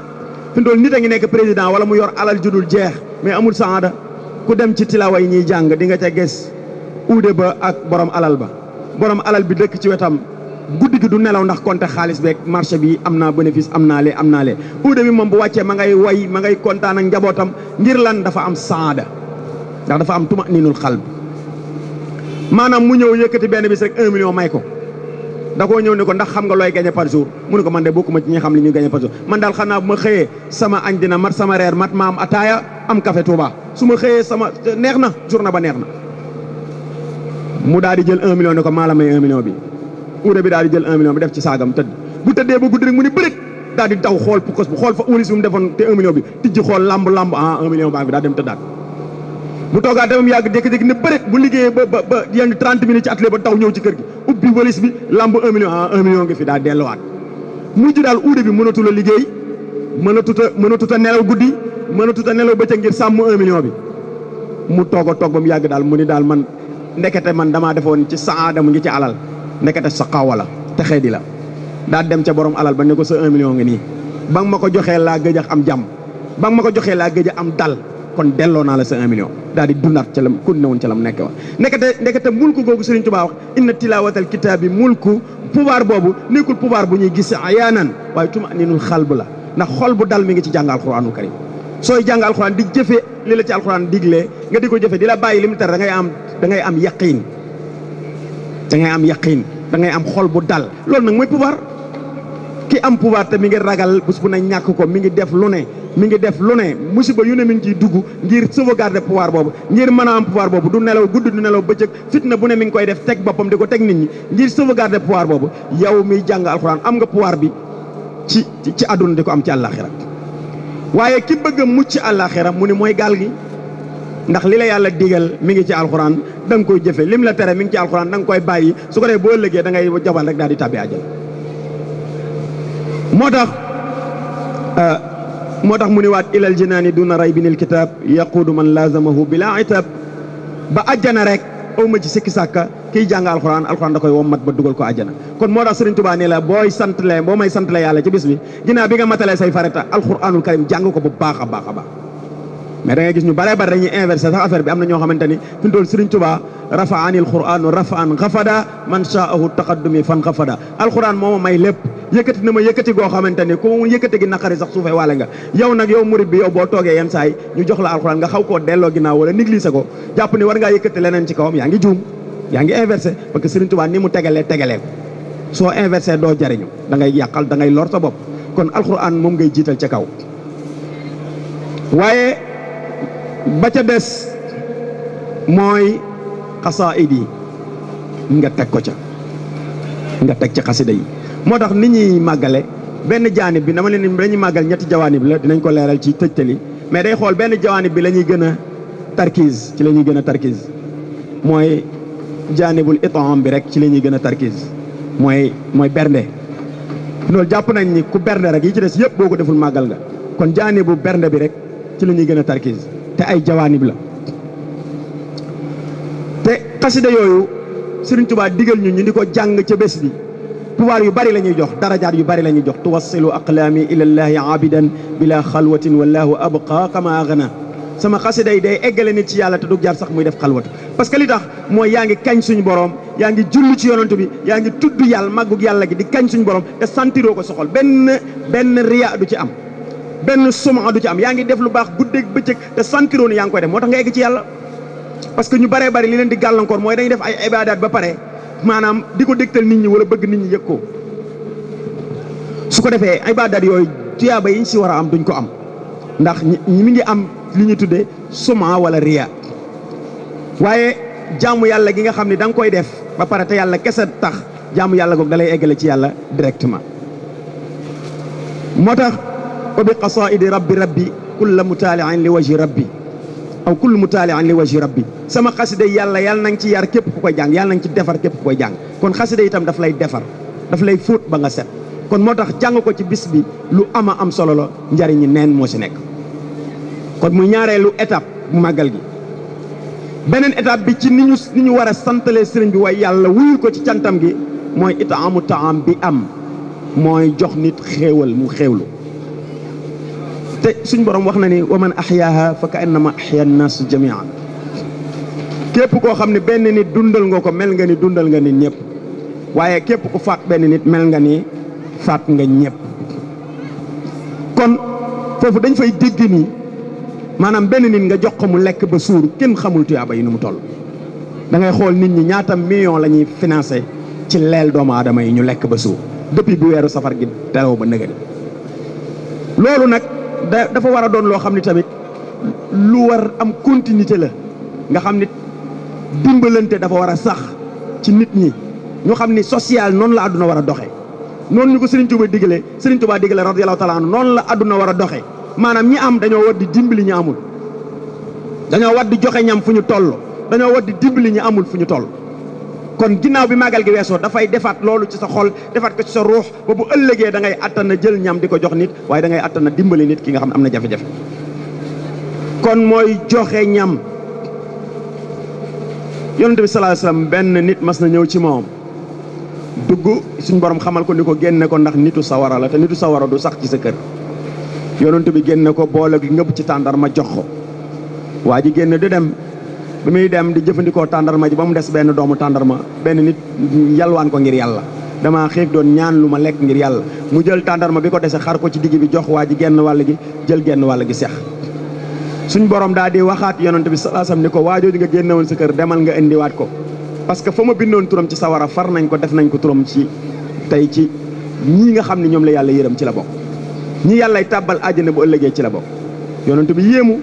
fi ndool nit a ngi nekk président wala mu yor alal judul jeex mais amul saada ku dem ci tilawa yi ñuy jàng di nga ca ges uude ba ak borom alal ba borom alal bi dëkk ci wetam guddi gi du nelaw ndax konte xaalis beeg marché bi am naa bénéfice am naa lee am na lee uude bi moom bu wàccee ma ngay way ma ngay kontaan ak njabootam ngir lan dafa am saada ndax dafa am tuma ninul xal maanaam mu ñëw yëkkati benn bis rek un million may ko da koo ñëw ne ko ndax xam nga looy gagné par jour mu ne ko man de bokkuma ci ñi xam li ñuy gagné par jour man daal xanaa ma xëyee sama añ dina mat sama reer mat ma am ataaya am café Touba su ma xëyee sama neex na journée ba neex na mu daal di jël un million ne ko maa la may un million bi uure bi daal di jël un million bi def ci saagam tëdd bu tëddee ba guddi rek mu ni bërit daal di daw xool pukos bu xool fa ulis bu mu defoon te un million bi tijji xool lamb lamb ah un million baa bi daal dem mu toogaa tamam yàgg dékki-dékki ne bëri bu liggéeyee ba ba ba yenn trente minutes ci atelier ba daw ñëw ci kër gi ubbi walis bi lamb un million ah un million nga fi daal delluwaat mujj daal uude bi mënatu a mënatut a nelaw guddi mënatut a nelaw bëccëg ngir sàmm un million bi mu toog a toog ba yàgg daal mu ni daal man ndekete man damaa defoon ci saada mu ngi ci alal ndekete sa kaw la texee di la daal dem ca borom alal ba ne ko sa un million nii ba ma ko joxee laa gëj a am jàmm bam ma ko joxee laa gëj a am dal kon delloo naa la sa un million daal di dundaat ca lam kon ne woon ca lam nekk wax nekkate nekkate mulku googu Serigne Touba wax inna tilaawatal kitaab bi mulku pouvoir boobu nekkul pouvoir bu ñuy gis ayaanan waaye tuma ninul xalb la ndax xol bu dal mi ngi ci jàng alxuraanul karim sooy jàng alxuraan di jëfe li la ci alxuraan diglee nga di ko jëfe di la bàyyi li mu tere am da ngay am yaqiin da am yaqiin da ngay am xol bu dal loolu nag mooy pouvoir ki am pouvoir mi ngi ragal bés bu ne ñàkk ko mi ngi def lu ne mi ngi def lu ne musiba yu ne mi ngi ciy dugg ngir sauvegarder pouvoir boobu ngir mën a am pouvoir boobu du nelaw gudd du nelaw bëccëg fitna bu ne mi ngi koy def teg boppam di ko teg nit ñi ngir sauvegarder pouvoir boobu yow miy jàng alxuraan am nga pouvoir bi ci ci àdduna di ko am ci àllaaxira waaye ki bëgg a mucc àllaaxira mu ni mooy gaal gi ndax li la yàlla digal mi ngi ci alxuraan da koy jëfe lim la tere mi ngi ci alxuraan danga koy bàyyi su ko dee boo ëllëgee da ngay jabal rek daal di tàbbi àjjana moo euh, moo tax mu ne waat ilal jinaani duna ray binil kitaab yaquudu man laazamahu bila itab ba ajjana rek awma ci sikki sàkka kiy jàng alxuraan alxuraan da koy wommat ba dugal ko ajjana kon moo tax Sëriñ Tuubaa ne la booy sant le boo may sant le yàlla ci bis bi ginnaaw bi nga matalee say farata alxuraanul karim jàng ko bu baax baax a baax mais da ngay gis ñu bare bare dañuy inversé sax affaire bi am na ñoo xamante ni fi mu toll Sëriñ Tuubaa rafa anil qur'anu rafa an xafada man shaahu taqaddumi fan xafada alquran may lépp yëkkati na ma yëkkati goo xamante ni ku mu yëkkati gi naqari sax suufee waale nga yow nag yow toogee yenn saay ñu jox la alquran nga xaw koo delloo wala négligé ko ni war ngaa yëkkati leneen ci kawam yaa ngi juum yaa ngi soo inversé doo jariñu da ngay yàqal da ngay lor sa bopp kon alquran moom ngay jiital ca kaw waaye ba ca des mooy xasaayid yi nga teg ko ca nga teg ca xasida yi moo tax nit ñuy màggale benn jaanib bi na ma leen dañuy màggal ñetti jawaanib la dinañ ko leeral ci tëjtali mais day xool benn jawaanib bi la ñuy gën a tarkiis ci la ñuy gën a tarkiis mooy jaanibul itam bi rek ci la ñuy gën a tarkiis mooy mooy bernde loolu jàpp nañ ni ku bernde rek yi ci des yëpp boo ko deful màggal nga kon jaanibu bernde bi rek ci la ñuy gën a tarkiis te ay jawaanib la te xasida yooyu Sëriñ Tuubaa digal ñu ñu di ko jàng ca bés bi pouvoir yu bari la ñuy jox darajaat yu bari la ñuy jox tuwassilu aqlaami ilallahi abidan bila xalwatin wallahu abqa kama agna sama xasida yi day eggale nit ci yàlla te du jaar sax muy def xalwatu parce que li tax mooy yaa ngi kañ suñu borom yaa ngi jullu ci yonantu bi yaa ngi tudd yàlla màggug yàlla gi di kañ suñu borom te santiroo ko soxol benn benn riya du ci am benn suma du ci am yaa ngi def lu baax guddeeg bëccëg te sentiroo ni yaa ngi koy def moo tax nga egg ci yàlla parce que ñu baree bari li leen di gàllankoor mooy dañuy def ay ibadaat ba pare maanaam di ko dégtal nit ñi wala bëgg nit ñi yëg ko su ko defee ibadaat yooyu tuyaaba yi ñu si war a am duñ ko am ndax ñi mi ngi am li ñu tuddee suma wala riya waaye jaamu yàlla gi nga xam ne da nga koy def ba pare te yàlla kese tax jaamu yàlla goog dalay lay ci yàlla directement wa bi qasaidi rabbi rabbi kulla mutaaliin li waji rabbi aw kull mutaaliin li waji rabbi sama xasida yàlla yàlla nañ ci yar képp ku ko jàng yàlla nañ ci defar képp ku koy jàng kon xasida tam dafa lay defar dafa lay fóot ba nga set kon moo tax jàng ko ci bis bi lu ama am solo njariñ njariñi neen moo si nekk kon muy ñaareelu étape màggal gi beneen étape bi ci ni ñu ni war a santalee sëriñ bi waaye yàlla wuyul ko ci cantam gi mooy itaamu taam bi am mooy jox nit xéewal mu xéewlu te suñ borom wax na ni wa man axyaaha fa ka annama axya nnaas jamian képp koo xam ne benn nit dundal nga ko mel nga ni dundal nga ni ñëpp waaye képp ku faat benn nit mel nga ni faat nga ñëpp kon foofu dañ fay dégg ni maanaam benn nit nga jox ko mu lekk ba suur kenn xamul tuyaaba yi nu mu toll da ngay xool nit ñi ñaata million la ñuy financé ci leel doomu aadama yi ñu lekk ba suur depuis bu weeru safar gi terew ba nëgëri loolu nag da dafa war a doon loo xam ni tamit lu war am continuité la nga xam ni dimbalante dafa war a sax ci nit ñi ñu xam ni social noonu la àdduna war a doxe noonu ñu ko Serigne Touba digalee Serigne Touba digalee radiyallahu taala anhu noonu la àdduna war a doxee maanaam ñi am dañoo war di dimbali ñi amul dañoo war di joxe ñam fu ñu toll dañoo war di dimbali ñi amul fu ñu toll kon ginnaaw bi màggal gi weesoo dafay defaat loolu ci sa xol defaat ko ci sa ruux ba bu ëllëgee da ngay attan na jël ñam di ko jox nit waaye dangay ngay na dimbali nit ki nga xam ne am na jafe-jafe kon mooy joxe ñam yonent bi sallallahu benn nit mas na ñëw ci moom dugg suñ boroom xamal ko ni ko génne ko ndax nitu sawara la te nitu sawara du sax ci sa kër yonent bi génne ko boole gi ngëb ci tàndar ma jox ko waa ji génn di dem bi muy dem di jëfandikoo tàndarma ji ba mu des benn doomu tàndarma benn nit yalwaan ko ngir yàlla damaa xiif doon ñaan lu ma lekk ngir yàlla mu jël tàndarma bi ko desee xar ko ci digg bi jox waa ji genn wàll gi jël genn wàll gi sex suñ borom daal di waxaat yonent bi sallallahu alayhi wasallam ni ko waajooju nga génnewoon sa kër demal nga indiwaat ko parce que fa ma bindoon turam ci sawara far nañ ko def nañ ko turam ci tey ci ñii nga xam ne ñoom la yàlla yërëm ci la bokk ñi yàllay tàbbal àjjana bu ëllëgee ci la bokk yonent bi yéemu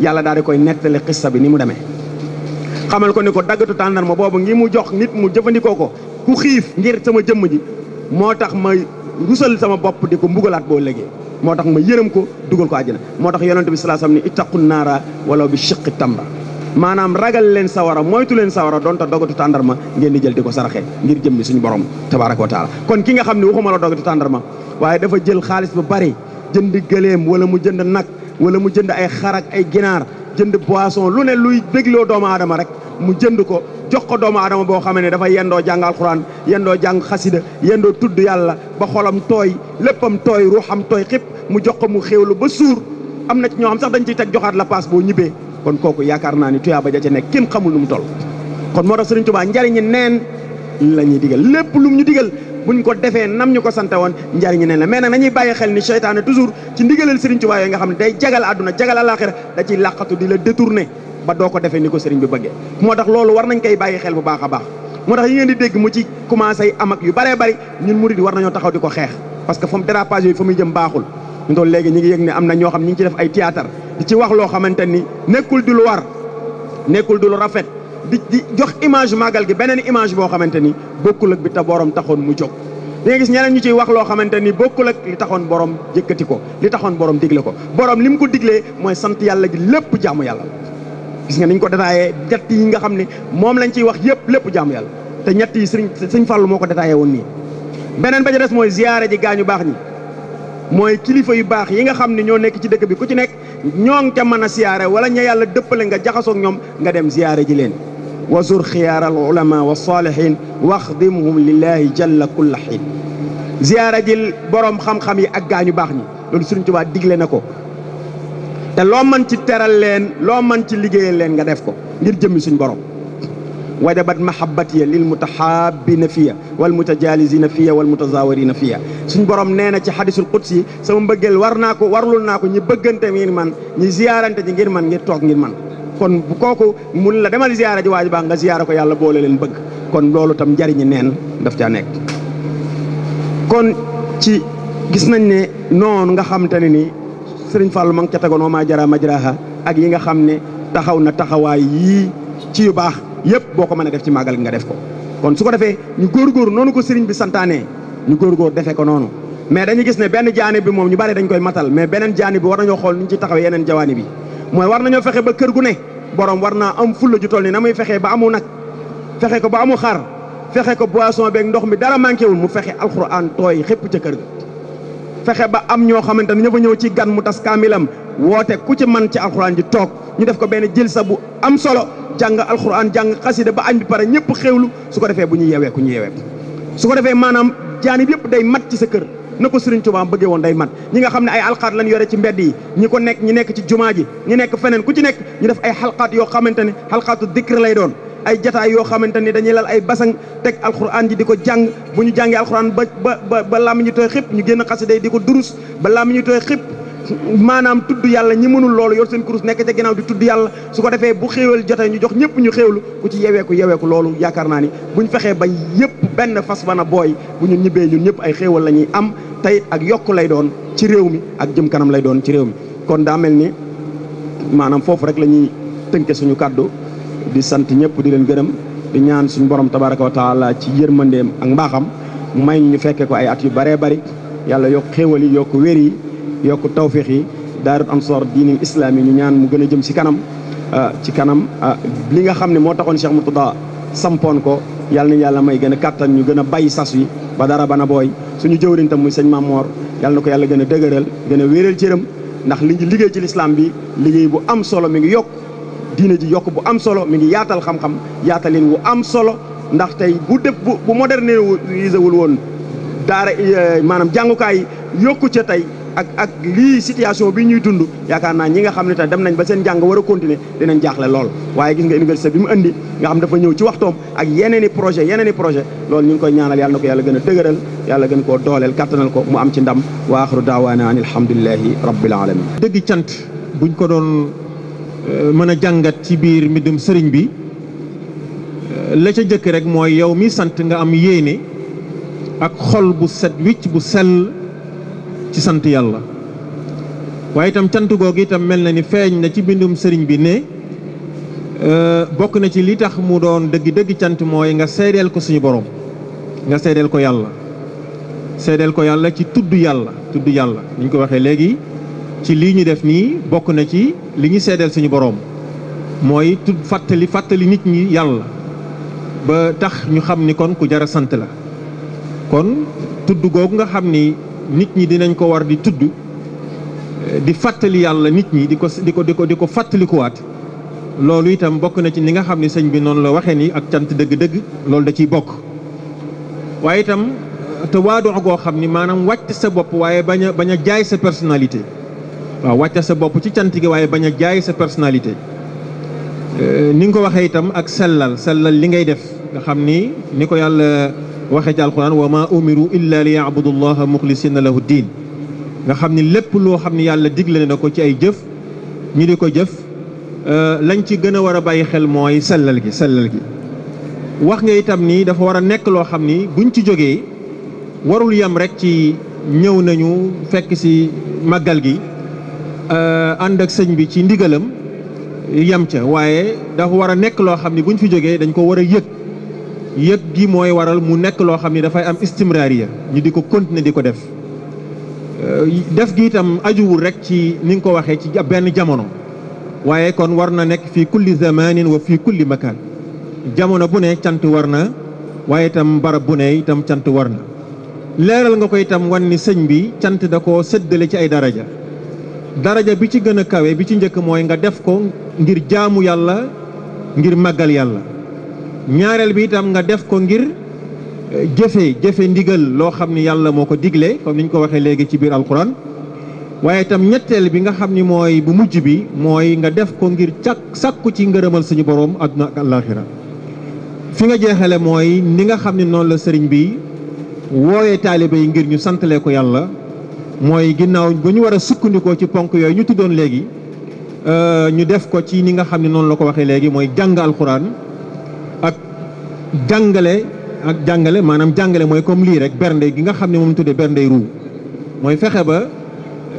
yàlla daal di koy nettali xissa bi ni mu demee xamal ko ne ko daggatu tàndarma boobu ngi mu jox nit mu jëfandikoo ko ku xiif ngir sama jëmm ji moo tax ma rusal sama bopp di ko mbugalaat boo léegi moo tax ma yërëm ko dugal ko àjjana moo tax yonente bi sallallahu alayhi wasallam ni ittaqu naara walaw bi shiqqi tamra maanaam ragal leen sawara moytu leen sawara donte dogatu tàndarma ngeen di jël di ko saraxee ngir jëmmi suñu borom tabaraka wa taala kon ki nga xam ne waxuma la dogatu tàndarma waaye dafa jël xaalis bu bari jënd gëléem wala mu jënd nag wala mu jënd ay xar ay ginaar jënd boisson lu ne luy bégloo doomu adama rek mu jënd ko jox ko doomu aadama boo xamee ne dafa yendoo jàng alxuraan yendoo jàng xasida yendoo tudd yàlla ba xolam tooy léppam tooy ruuxam tooy xip mu jox ko mu xéewlu ba suur am na ci ñoo xam sax dañ ciy teg joxaat la paas boo ñibbee kon kooku yaakaar naa ni ba ja ca nekk kenn xamul nu mu toll kon moo tax Sëriñ Tuubaa njariñi neen la ñuy digal lépp lu ñu digal ñu ko defee nam ñu ko sante woon njariñ ne la mais nag nañuy bàyyi xel ni seytaane toujours ci ndigalal Serigne Touba yooyu nga xam ne day jagal àdduna jagal àlaxira da ciy làqatu di la détourné ba doo ko defee ni ko Serigne bi bëggee moo tax loolu war nañ koy bàyyi xel bu baax a baax moo tax yi ngeen di dégg mu ci commencé am ak yu bëree bëri ñun murid war nañoo taxaw di ko xeex parce que foom mu dérapage yooyu fa muy jëm baaxul ñu doon léegi ñu ngi yëg ne am na ñoo xam ñu ngi ci def ay théâtre ci wax loo xamante ni nekkul du lu war nekkul du lu rafet di di jox image màggal gi beneen image boo xamante ni bokkul bi te boroom taxoon mu jóg. di nga ñeneen ñu ciy wax loo xamante ni bokkul ak li taxoon borom jëkkati ko li taxoon borom digle ko borom li mu ko diglee mooy sant yàlla gi lépp jaamu yàlla. gis nga niñ ko détaillé ñett yi nga xam ne moom lañ ciy wax yëpp lépp jaamu yàlla te ñett yi sëriñ sëriñ Fàllu moo ko détaillé woon nii. beneen ba ca des mooy ziyaare ji gaañu baax ñi mooy kilifa yu baax yi nga xam ne ñoo nekk ci dëkk bi ku ci nekk ñoo ngi ca mën a siyaare wala ña yàlla dëppale nga jaxasoon ñoom nga dem siyaare ji leen wa zur xiyaar al ulama wa saalihin waxdimhum lillahi jalla kulla xiin siyaare ji boroom xam-xam yi ak gaañu baax ñi loolu Sëriñ Tuubaa digle na ko te loo mën ci teral leen loo mën ci liggéeyal leen nga def ko ngir jëmmi suñ borom wajabat mahabbatiya lil mutahaabina fiya wal mutajaalisina fiya wal mutazaawarina fiya suñ borom nee na ci xadisul qudsi sama mbëggeel war naa ko warlul naa ko ñi bëggante ngir man ñi ziyaarante ji ngir man ngir toog ngir man kon bu kooku mun la demal ziyaara ji waaji baax nga ziyaara ko yàlla boole leen bëgg kon loolu tam njariñi neen daf caa nekk kon ci gis nañ ne noonu nga xam te ne ni sëriñ Fallou ma ngi ca tegoon maa jara majraha ak yi nga xam ne taxaw na taxawaay yii ci yu baax yépp boo ko mën a def ci màggal nga def ko kon su ko defee ñu góorgóor noonu ko sëriñ bi santaanee ñu góorgóor defe ko noonu mais dañu gis ne benn jaani bi moom ñu bari dañ koy matal mais beneen jaani bi war nañoo xool niñ ci taxawee yeneen jawaani bi mooy war nañoo fexe ba kër gu ne borom war naa am fulla ju toll ni na muy fexee ba amu nag fexe ko ba amu xar fexe ko boisson beeg ndox mi dara manqué wul mu fexe alxuraan tooy xépp ca kër ga fexe ba am ñoo xamante ne ñëfa ñëw ci gan mu tas kaamilam woote ku ci man ci alxuraan ji toog ñu def ko benn jël sa bu am solo jàng alxuraan jàng xasida ba añ bi pare ñëpp xéewlu su ko defee bu ñu yeewee ku ñu yeewee su ko defee maanaam jaanib yëpp day mat ci sa kër na ko Serigne Touba bëggee woon day mat ñi nga xam ne ay alxaat lañ yore ci mbedd yi ñi ko nekk ñi nekk ci jumaa ji ñi nekk feneen ku ci nekk ñu def ay xalxaat yoo xamante ne xalxaatu dikr lay doon ay jataay yoo xamante ni dañuy lal ay basang teg alxuraan ji di ko jàng bu ñu jàngee alxuraan ba ba ba làmmiñ ñu tooy xëpp ñu génn xasida yi ko durus maanaam tudd yàlla ñi mënul loolu yor seen kurus nekk ca ginnaaw di tudd yàlla su ko defee bu xéewal jotee ñu jox ñëpp ñu xéewlu ku ci yeweeku yeweeku loolu yaakaar naa ni buñ fexee ba yëpp benn fas wana booy bu ñu ñibbee ñun ñëpp ay xéewal la am tey ak yokk lay doon ci réew mi ak jëm kanam lay doon ci réew mi kon daa mel ni maanaam foofu rek lañuy tënk suñu kàddu di sant ñëpp di leen gërëm di ñaan suñu borom tabaraka wa taala ci yërmandeem ak mbaaxam may ñu fekkee ko ay at yu baree bari yàlla yokk xéewal yi yokk wér yi yokk tawféex yi daayiratu ansar diinil islaam yi ñu ñaan mu gën a jëm ci kanam euh, ci kanam euh, li nga xam ne moo taxoon Cheikh Murtada sampoon ko yàlla nañu yàlla may gën a kàttan ñu gën a bàyyi sas wi ba dara bana booy su suñu jëwriñ tam muy sëñ Mamor yàlla na ko yàlla gën a dëgëral gën a wéeral cëram ndax li ñu liggéey ci lislaam bi liggéey bu am solo mi ngi yokk diine ji yokk bu am solo mi ngi yaatal xam-xam yaatalin wu am solo ndax tey bu def bu modernisé wul woon euh, maanaam jàngukaay yokku ca tey ak ak lii situation bi ñuy dund yaakaar naa ñi nga xam ne tam dem nañ ba seen jàng war a continuer dinañ jaaxle lool waaye gis nga université bi mu indi nga xam dafa ñëw ci waxtoom ak yeneen i projet yeneen i projet loolu ñu ngi koy ñaanal yàlla na ko yàlla gën a dëgëral yàlla gën koo dooleel kàttanal ko mu am ci ndam wa axiru daawaana an alhamdulilahi rabbil alamin dëgg cant buñ ko doon euh, mën a jàngat ci biir mbindum sëriñ bi euh, la ca jëkk rek mooy yow mi sant nga am yéene ak bu set wicc ci sant yàlla waaye itam cant googu itam mel na ni feeñ na ci bindum sëriñ bi ne euh, bokk na ci li tax mu doon dëgg-dëgg cant mooy nga seedeel ko suñu borom nga seedeel ko yàlla seedeel ko yàlla ci tudd yàlla tudd yàlla ni ñu ko waxee léegi ci lii ñu def nii bokk na ci li ñu seedeel suñu boroom mooy tudd fàttali fàttali nit ñi yàlla ba tax ñu xam ni kon ku jara sant la kon tudd googu nga xam ni nit ñi dinañ ko war di tudd di fàttali yàlla nit ñi di ko di ko di ko di ko fàttalikuwaat loolu itam bokk na ci ni nga xam ne sëñ bi noonu la waxee ni ak cant dëgg-dëgg loolu da ciy bokk waaye itam te waadox koo xam ni maanaam wàcc sa bopp waaye bañ a bañ a jaay sa personnalité waaw wàcc sa bopp ci cant gi waaye bañ a jaay sa personnalité ni nga ko waxee itam ak sellal sellal li ngay def nga xam ni ni ko yàlla waxee ci alquran wa ma umiru illa li yaabudu allaha muxlisina lahu diin nga xam ni lépp loo xam ni yàlla digle na ko ci ay jëf ñu di ko jëf euh, lañ ci gën a war a bàyyi xel mooy sellal gi sellal gi wax nga itam ni dafa war a nekk loo xam ni buñ ci jógee warul yem rek ci ñëw nañu fekk si màggal gi euh, ànd ak sëñ bi ci ndigalam yem ca waaye dafa war a nekk loo xam ni buñ fi jógee dañ ko war a yëg yëg gi mooy waral mu nekk loo xam ne dafay am istimraariya ñu di ko continuer di ko def euh, def gi itam ajuwul rek ci ni nga ko waxee ci benn jamono waaye kon war na nekk fii kulli zamanin wa fii kulli makaan jamono bu ne cant war na waaye itam barab bu ne itam cant war na leeral nga ko itam wan ni sëñ bi cant da koo séddale ci ay daraja daraja bi ci gën a kawe bi ci njëkk mooy nga def ko ngir jaamu yàlla ngir màggal yàlla ñaareel bi itam nga def ko ngir euh, jëfe jëfe ndigal loo xam ni yàlla moo ko digle comme ni ñu ko waxee léegi ci biir alquran waaye itam ñetteel bi nga xam ni mooy bu mujj bi mooy nga def ko ngir càkk sàkku ci ngërëmal suñu boroom àdduna ak àllaaxira fi nga jeexale mooy ni nga xam ne noonu la sëriñ bi wooyee taalibe yi ngir ñu santalee ko yàlla mooy ginnaaw ba ñu war a sukkandikoo ci ponk yooyu ñu tuddoon léegi euh, ñu def ko ci ni nga xam ne noonu la ko waxee léegi mooy jàng ak jàngale ak jàngale maanaam jàngale mooy comme lii rek bernde gi nga xam ne moom tuddee berndey ruu mooy fexe ba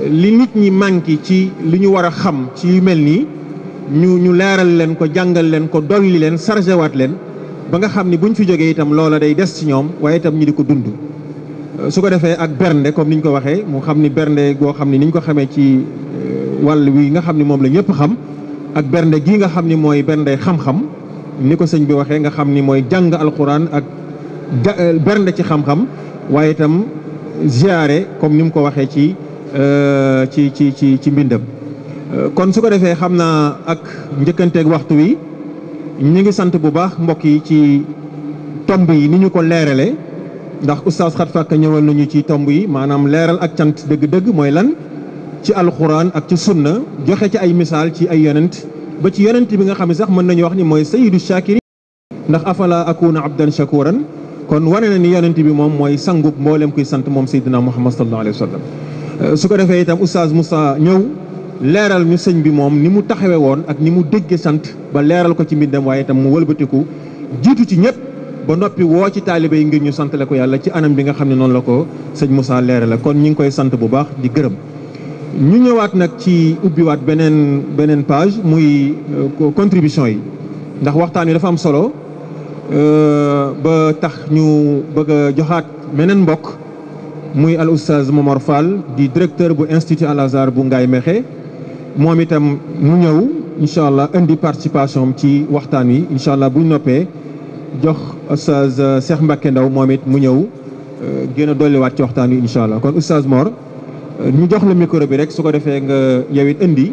li nit ñi manqué ci li ñu war a xam ci yu mel nii ñu ñu leeral leen ko jàngal leen ko dolli leen chargé waat leen ba nga xam ni buñ fi jógee itam loola day des ci ñoom waaye itam ñi di ko dund. Euh, su ko defee ak bernde comme niñ ko waxee mu xam ni bernde goo xam ni niñ ko xamee ci euh, wàll wi nga xam ni moom la ñëpp xam ak bernde gii nga xam ni mooy bernde xam ni ko sëñ bi waxee nga xam ni mooy jàng alxuraan ak euh, bernde ci xam-xam waaye itam ziare comme ni ko waxee ci euh, ci ci ci ci mbindam euh, kon su ko defee xam naa ak njëkkanteeg waxtu wi ñu ngi sant bu baax mbokk yi ci tomb yi ni ñu ko leerale ndax oustaz xat fàkk ñëwal nañu ci tomb yi maanaam leeral ak cant dëgg-dëgg mooy lan ci alxuraan ak ci sunna joxe ci ay misaal ci ay yonent ba ci yonent bi nga xam ne sax mën nañu wax ni mooy sayyidu shakiri ndax afala akuna abdan shakuran kon wane na ni yonent bi moom mooy sangub mboolem kuy sant moom sayyidina muhammad sallallahu alayhi wa sallam euh, su ko defee itam oustaz Moussa ñëw leeral ñu sëñ bi moom ni mu taxawe woon ak ni mu déggee sant ba leeral ko ci mbindam waaye itam mu wëlbatiku jiitu ci ñëpp ba noppi woo ci taalibe yi ngir ñu santale ko yàlla ci anam bi nga xam ne noonu la ko sëñ Moussa leerale kon ñu ngi koy sant bu baax di gërëm ñu ñëwaat nag ci ubbiwaat beneen beneen page muy euh, contribution yi ndax waxtaan wi dafa am solo euh, ba tax ñu bëgg a joxaat meneen mbokk muy al oustaz Momar di directeur bu institut Al Azhar bu ngay Mékhé moom itam mu ñëw incha allah indi participation ci waxtaan wi incha allah buñ noppee jox oustaz euh, Cheikh Mbacke Ndaw moom it mu ñëw gën a dolliwaat ci waxtaan wi incha allah kon oustaz Mor. ñu jox la micro bi rek su ko defee nga yow it indi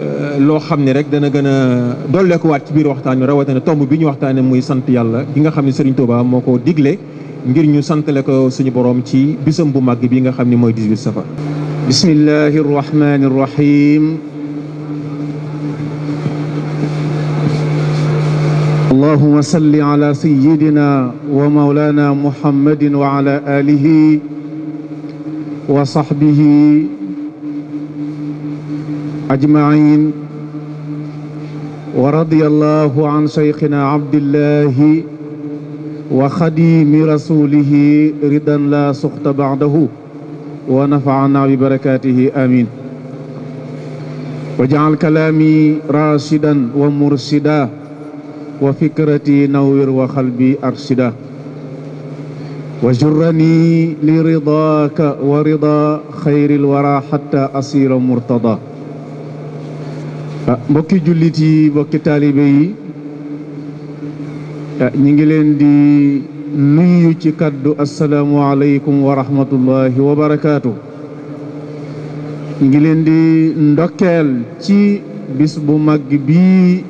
euh, loo xam ne rek dana gën a dolleekuwaat ci biir waxtaan wi rawatina tomb bi ñu waxtaanee muy sant yàlla gi nga xam ne Serigne Touba moo ko digle ngir ñu santale ko suñu boroom ci bisam bu màgg bi nga xam ne mooy 18 safar. bismillahi rahmani rahim. allahumma salli ala sayyidina wa mawlana muhammadin wa ala wa sahbihi ajmain wa radiyallahu an shaykhina abdillahi wa xadimi rasulihi ridan la suxta ba'dahu wa nafa'ana bi barakatihi amin waj'al kalami rashidan wa mursida wa fikrati nawwir wa qalbi arshida وجرني لرضاك ورضا خير الورى حتى أصير مرتضى mbokki jullit yi mbokki taalibe yi ñi ngi leen di ci kàddu assalaamu aleykum wa rahmatullahi wa barakaatu ñi ngi leen di ndokkeel ci bis bu mag bii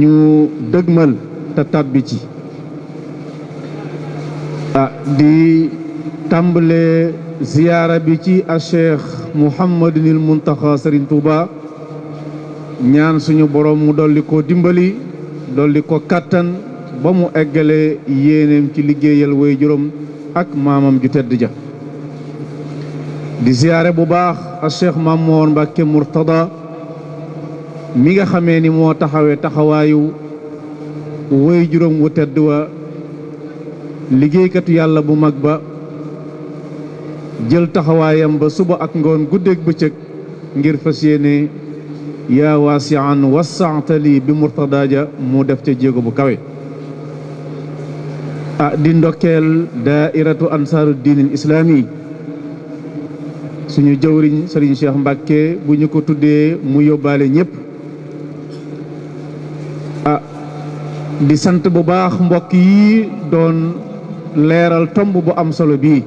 ñu dëgmal te tàbbi ci di tàmbale ziyaara bi ci a cheikh mouhamadunil muntaxa sëriñ tuuba ñaan suñu borom mu dolli ko dimbali dolli ko kàttan ba mu eggale yéeneem ci liggéeyal way juróom ak maamam ju tedd ja di ziyaare bu baax a cheikh Mamoor Mbàkke Murtada mi nga xamee ni moo taxawee taxawaayu way juróom wu tedd wa liggéeykatu yàlla bu mag ba jël taxawaayam ba suba ak ngoon guddeeg bëccëg ngir fas yéene yaa waasian wasaatali bi murtadaaja mu def ca jéego bu kawe ah di ndokkeel daairatu ansaaru diinil islaami suñu jëwriñ sëriñ Cheikh Mbàkke bu ñu ko tuddee mu yóbbaale ñépp ah di sant bu baax mbokk yi doon leeral tomb bu am solo bii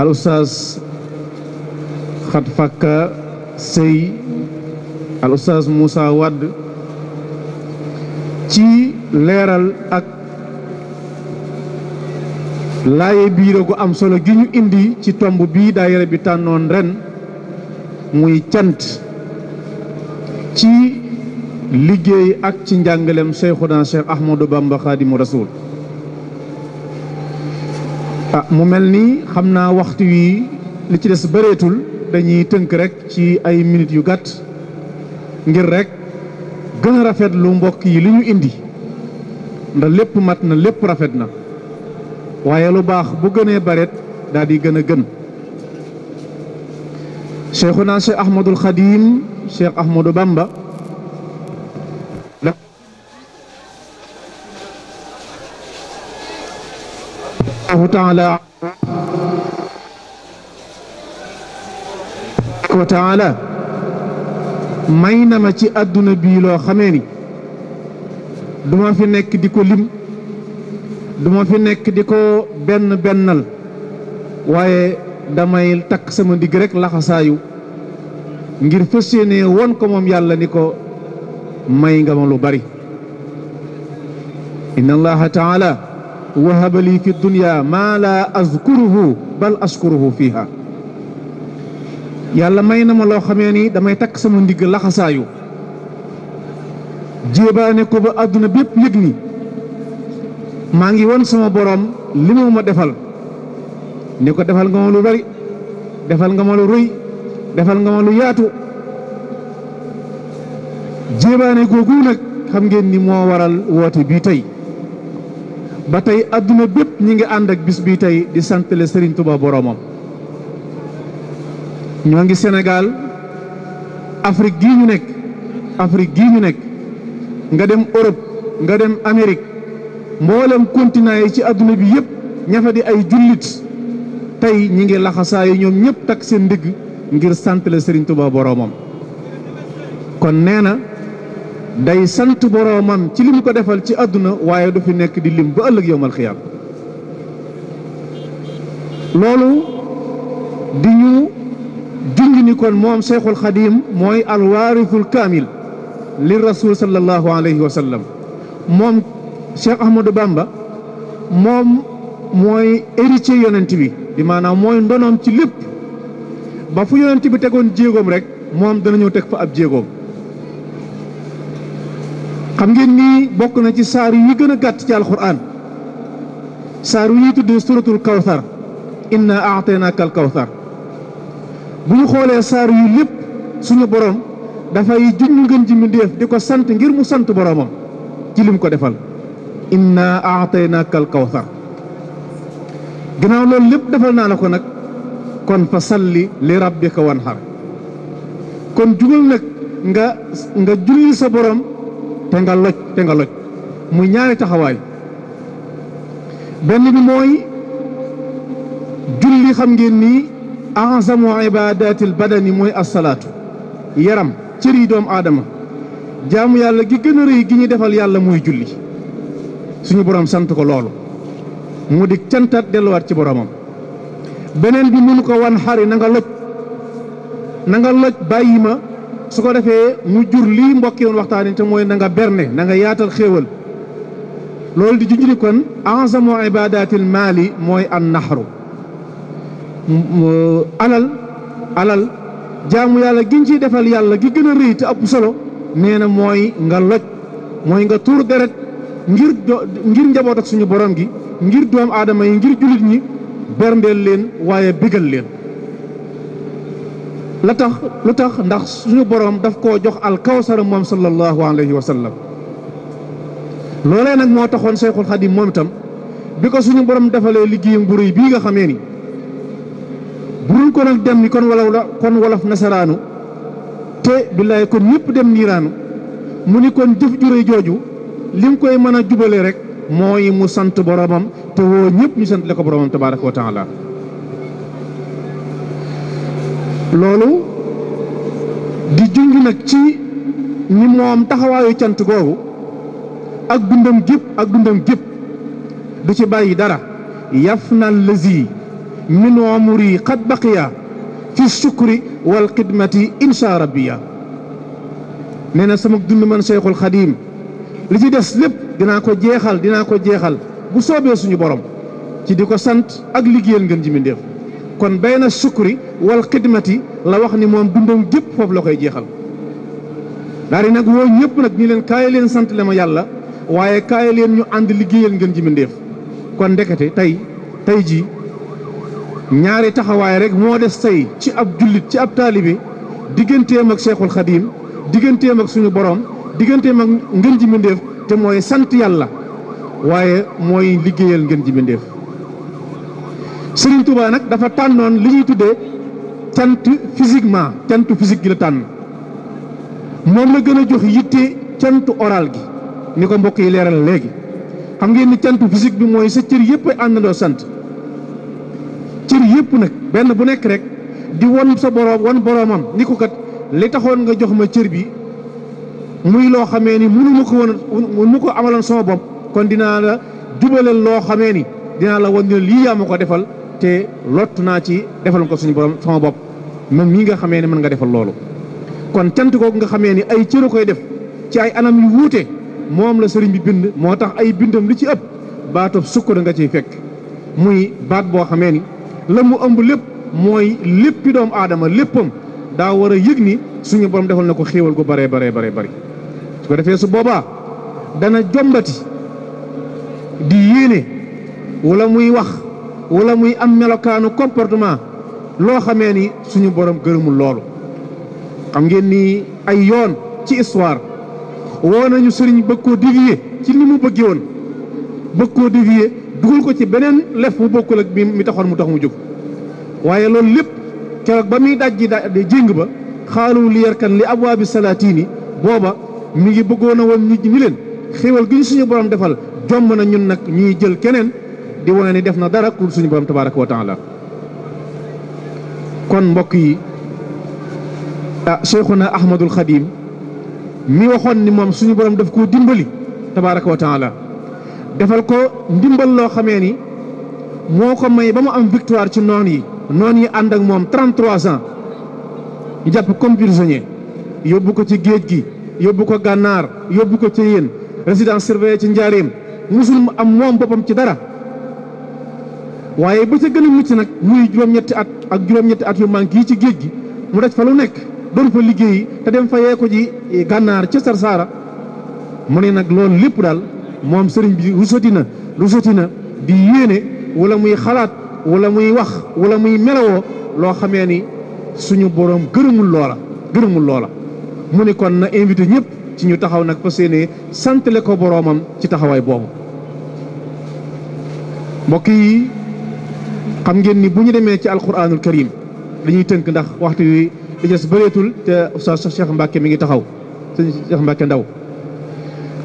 al oustaz xat fakka sëy al oustaz Moussa Wade ci leeral ak laaye biire gu am solo gi ñu indi ci tomb bii daayira bi tànnoon ren muy cant ci liggéey ak ci njàngaleem Seyxuna Cheikh Ahmadou Bamba Xaadimu Rasuul a ah, mu mel ni xam naa waxtu wi li ci des bëreetul dañuy tënk rek ci ay minutes yu gàtt ngir rek gën a rafet lu mbokk yi li ñu indi ndax lépp mat na lépp rafet na waaye lu baax bu gënee bareet daal di gën a gën Cheikhuna Cheikh Ahmadul Khadim Cheikh Ahmadou allahu taala wa taala may na ma ci àdduna bii loo xamee ni ma fi nekk di ko lim duma fi nekk di ko benn bennal waaye damay takk sama digg rek laxasaayu ngir fas won ko moom yàlla ni ko may nga ma lu bari wahaba lii fi dunya maa laa azkuruhu bal askuruhu fiha yàlla may na ma loo xamee ni damay takk sama ndigg laxasaayu jéebaane ko ba àdduna bépp yëg ni maa ngi won sama boroom li defal ni ko defal nga ma lu bari defal nga ma lu rëy defal nga ma lu yaatu jéebaane googu nag xam ngeen ni moo waral woote bii tey ba tey àdduna bépp ñi ngi ànd ak bis bi tey di santale Serigne Touba boroomam ñoo ngi Sénégal Afrique gii ñu nekk Afrique gii ñu nekk nga dem Europe nga dem Amérique mboolem continent ci àdduna bi yëpp ña fa di ay jullit tey ñi ngi laxasaayu ñoom ñëpp takk seen ndigg ngir santale Serigne Touba boroomam kon nee na day sant boroomam ci li mu ko defal ci àdduna waaye du fi nekk di lim ba ëllëg yowmal xiyaam loolu di ñu junj ni kon moom Cheikhul Xadim mooy alwaarithul kaamil li rasul sallallahu alayhi wa sallam moom Cheikh Ahmadou Bamba moom mooy héritier yonent bi di maanaam mooy ndonoom ci lépp ba fu yonent bi tegoon jéegoom rek moom dana ñëw teg fa ab jéegoom. xam ngeen nii bokk na ci saar yi gën a gàtt ci alxuraan saar yi tudd suratul kawsar inna aataynaaka al kawsar bu ñu xoolee saar yu lépp suñu borom dafay junñ ngën ji mbindéef di ko sant ngir mu sant boromam ci lim ko defal inna aataynaaka al kawsar ginnaaw loolu lépp defal naa la ko nag kon fa salli li rabbika wanhar kon jugal nag nga julli sa borom te nga loj te nga loj muy ñaari taxawaay benn bi mooy julli xam ngeen ni azamu ibadatil badani mooy asalaatu yaram cër yi doomu aadama jaamu yàlla gi gën a rëy gi ñu defal yàlla mooy julli suñu boroom sant ko loolu mu di cantaat delluwaat ci boromam beneen bi mënu ko wan xari na loj na loj bàyyi ma su ko defee mu jur lii mbokk yoon waxtaan te mooy nanga nga berne na nga yaatal xéewal loolu di junjuri kon anzamu ibadatil maali mooy an naxru alal alal jaamu yàlla giñ ciy defal yàlla gi gën a rëy te ëpp solo nee na mooy nga loj mooy nga tuur deret ngir ngir njaboot suñu borom gi ngir doomu aadama yi ngir jullit ñi berndeel leen waaye bégal leen la tax lu tax ndax suñu boroom daf koo jox alkawsara moom sallallahu alayhi wa sallam loolee nag moo taxoon Seexul Xadim moom itam bi ko suñu borom defalee liggéeyam bu yi bii nga xamee ni burul ko nag dem ni kon wala kon wolof nasaraanu te billaay kon ñëpp dem niiraanu mu ni kon jëf ju rëy jooju lim koy mën a jubale rek mooy mu sant boromam te woo ñëpp ñu sant la ko boromam tabaaraka wa taala loolu di junj nag ci ñi taxawaayu cant googu ak dundam gépp ak dundam gépp du ci bàyyi dara yaf na lazi min umri qad baqiya fi sukri wal xidmati insha rabbiya nee na sama dund man Cheikhul Xadim li ci des lépp dinaa ko jeexal dinaa ko jeexal bu soobee suñu borom ci di ko sant ak liggéeyal ngeen ji mi kon bay na sukri wal xidmati la wax ni moom dundam jëpp foofu la koy jeexal daal nag woo ñëpp nag ñu leen kaay leen sant le ma yàlla waaye kaay leen ñu ànd liggéeyal ngeen ji kon ndekete tey tey ji ñaari taxawaay rek moo des tey ci ab jullit ci ab taalibe digganteem ak Seexul Xadiim digganteem ak suñu boroom digganteem ak ngeen ji te mooy sant yàlla waaye mooy liggéeyal ngeen ji Sëriñ Tuubaa nag dafa tànnoon li ñuy tuddee tent physiquement tent physique gi la tànn moom la gën a jox yitte tent oral gi ni ko mbokk yi leeral léegi xam ngeen ni tent physique bi mooy sa cër yëpp àndandoo sant cër yëpp nag benn bu nekk rek di won sa boroom won boroomam ni ko kat li taxoon nga jox ma cër bi muy loo xamee ni mënu ma ko woon mu ko amaloon sama bopp kon dinaa la jubaleel loo xamee ni dinaa la won ne lii yaa ma ko defal te lottu naa ci defal ko suñu borom sama bopp man mii nga xamee ne mën nga defal loolu kon cant ku nga xamee ni ay cëru koy def ci ay anam yu wuute moom la sëriñ bi bind moo tax ay bindam li ci ëpp baatu sukkur nga ciy fekk muy baat boo xamee ni la mu ëmb lépp mooy léppi doomu aadama léppam daa war a yëg ni suñu borom defal na ko xéewal gu bare bare bare bëri su ko defee su boobaa dana jombati di yéene wala muy wax wala muy am melokaanu comportement loo xamee ni suñu borom gërëmul loolu xam ngeen ni ay yoon ci histoire woo nañu sëriñ bëgg koo dévier ci ni mu bëggee woon bëgg koo dévier dugal ko ci beneen lef bu bokkul ak bi mi taxoon mu tax mu jóg waaye loolu lépp keroog ba muy daj ji jéng ba xaalu li yarkan li abwaabi salaatini booba mu ngi bëggoon woon nit ñi ni leen xéewal gi ñu suñu borom defal jomb na ñun nag ñuy jël keneen di wone ni def na dara ku suñu borom tabaraka wa taala kon mbokk yi Cheikhuna ah, Ahmadul Xadim mi waxoon ni moom suñu borom daf koo dimbali tabaraka wa taala defal ko ndimbal loo xamee ni moo ko may ba mu am victoire ci noon yi noon yi ànd ak moom 33 ans ñu jàpp comme prisonnier yóbbu ko ci géej gi yóbbu ko gànnaar yóbbu ko ci yéen résidence surveillée ci njaareem musul am moom boppam ci dara waaye ba ca gën a nag muy juróom-ñetti at ak juróom-ñetti at yu manqué yi ci géej gi mu daj fa lu nekk doon fa liggéeyi te dem yee ko ji gànnaar ca Sarsara mu ne nag loolu lépp daal moom sëriñ bi rusati na rusati na di yéene wala muy xalaat wala muy wax wala muy melawoo loo xamee ni suñu boroom gërëmul loola gërëmul loola mu ne kon na invité ñëpp ci ñu taxaw nag fas yéene santale ko boroomam ci taxawaay boobu xam ngeen ni bu ñu demee ci alquranul karim dañuy tënk ndax waxtu wi di des bëreetul te oustaz Cheikh Mbacke mi ngi taxaw sëñ Cheikh Mbacke ndaw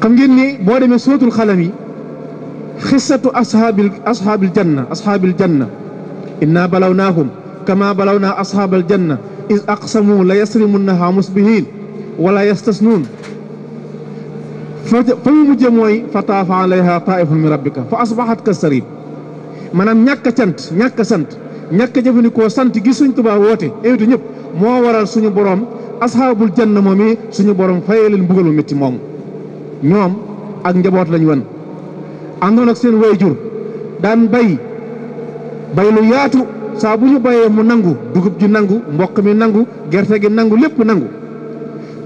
xam ngeen ni boo demee suratul xalam yi xissatu ashaabil ashaabil janna ashaabil janna inna balawnaahum kama balawna ashaabal janna is aqsamu la yasrimunnaha musbihin wala yastasnuun fa fa mu mujje mooy fa taafa alayha taifun min rabbika fa asbaxat kasarim maanaam ñàkk a cant ñàkk a sant ñàkk jëfandikoo sant gis suñ Tuubaa woote éwitu ñëpp moo waral suñu borom asxaabul janna moom yi suñu borom fayee leen mbugal mu métti moom ñoom ak njaboot lañu wan àndoon ak seen waajur daan bay bay lu yaatu saa bu ñu bayee mu nangu dugub ji nangu mboq mi nangu gerte gi nangu lépp nangu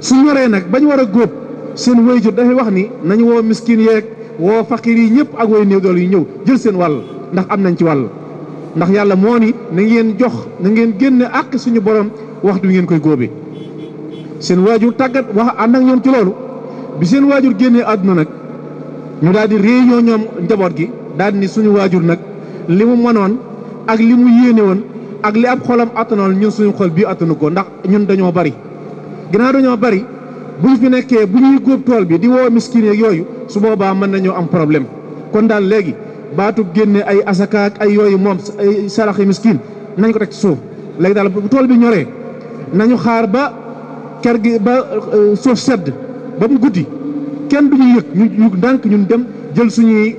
su waree nag bañ war a góob seen waajur dafay wax ni nañu woo miskin yeeg woo fakir yi ñëpp ak way néew dool yu ñëw jël seen wàll ndax am nañ ci wàll ndax yàlla moo ni na ngeen jox na ngeen génn àq suñu borom waxtu ngeen koy góobee seen waajur tàggat wax ànd ak ñoom ci loolu bi seen waajur génnee àdduna nag ñu daal di réunion ñoom njaboot gi daal di ni suñu waajur nag li mu mënoon ak li mu yéene woon ak li ab xolam attanoon ñun suñu xol bi attanu ko ndax ñun dañoo bari ginnaaw dañoo bari bu ñu fi nekkee bu ñuy góob tool bi di woo miskin yooyu su boobaa mën nañoo am problème kon baatu génne ay asaka ay yooyu moom ay saraxi miskin nañ ko teg ci suuf léegi daal bu tool bi ñoree nañu xaar ba ker gi ba euh, suuf sedd ba mu guddi kenn du ñu yëg ñu ndànk ñun dem jël suñuy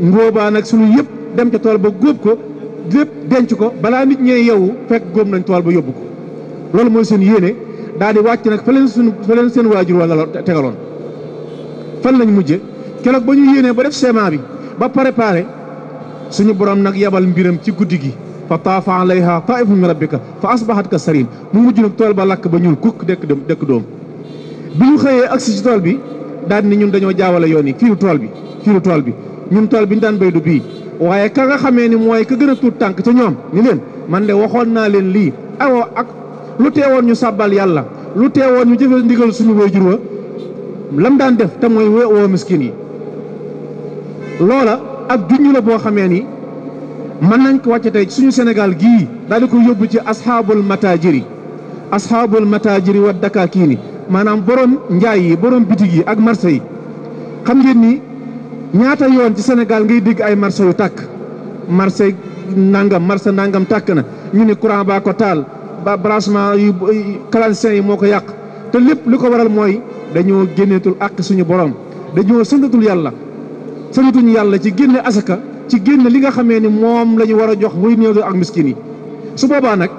ngóobaan ak suñu yëpp dem ca tool ba góob ko lépp denc ko balaa nit ñee yow fekk góob nañ tool ba yóbbu ko loolu mooy seen yéene daal di wàcc nag fa leen suñu fa leen seen waajur wala tegaloon fan lañ mujje keroog ba ñu yéenee ba def sément bi ba préparé suñu borom nag yabal mbiram ci guddi gi fa taafa alayha taifun min rabbika fa asbahat ka sarim mu mujj nag tool ba lakk ba ñuul kukk dëkk dem dëkk doom bi ñu xëyee agsi ci tool bi daan ni ñun dañoo jaawale yoon yi fiiru tool bi fiiru tool bi ñun tool bi ñu daan béy du bii waaye ka nga xamee ni mooy ka gën a tuut tànk ca ñoom ni leen man de waxoon naa leen lii awo ak lu teewoon ñu sàbbal yàlla lu teewoon ñu jëfe ndigal suñu waajur wa lam daan def te mooy woo miskin yi loola ak junj la boo xamee ni mën nañ ko wàcce tey suñu Sénégal gii daal di ko yóbbu ci asxaabul mataajiri asxaabul mataajiri wa ni maanaam borom njaay yi borom bitig yi ak marché yi xam ngeen ni ñaata yoon ci Sénégal ngay dégg ay marché yu tàkk marché nangam marché nangam tàkk na ñu ni courant baa ko taal ba branchement yu clandestin yi moo ko yàq te lépp li ko waral mooy dañoo génneetul àkk suñu borom dañoo sëndatul yàlla santuñ yàlla ci génne asaka ci génne li nga xamee ni moom la ñu war a jox muy néew ak miskin yi su boobaa nag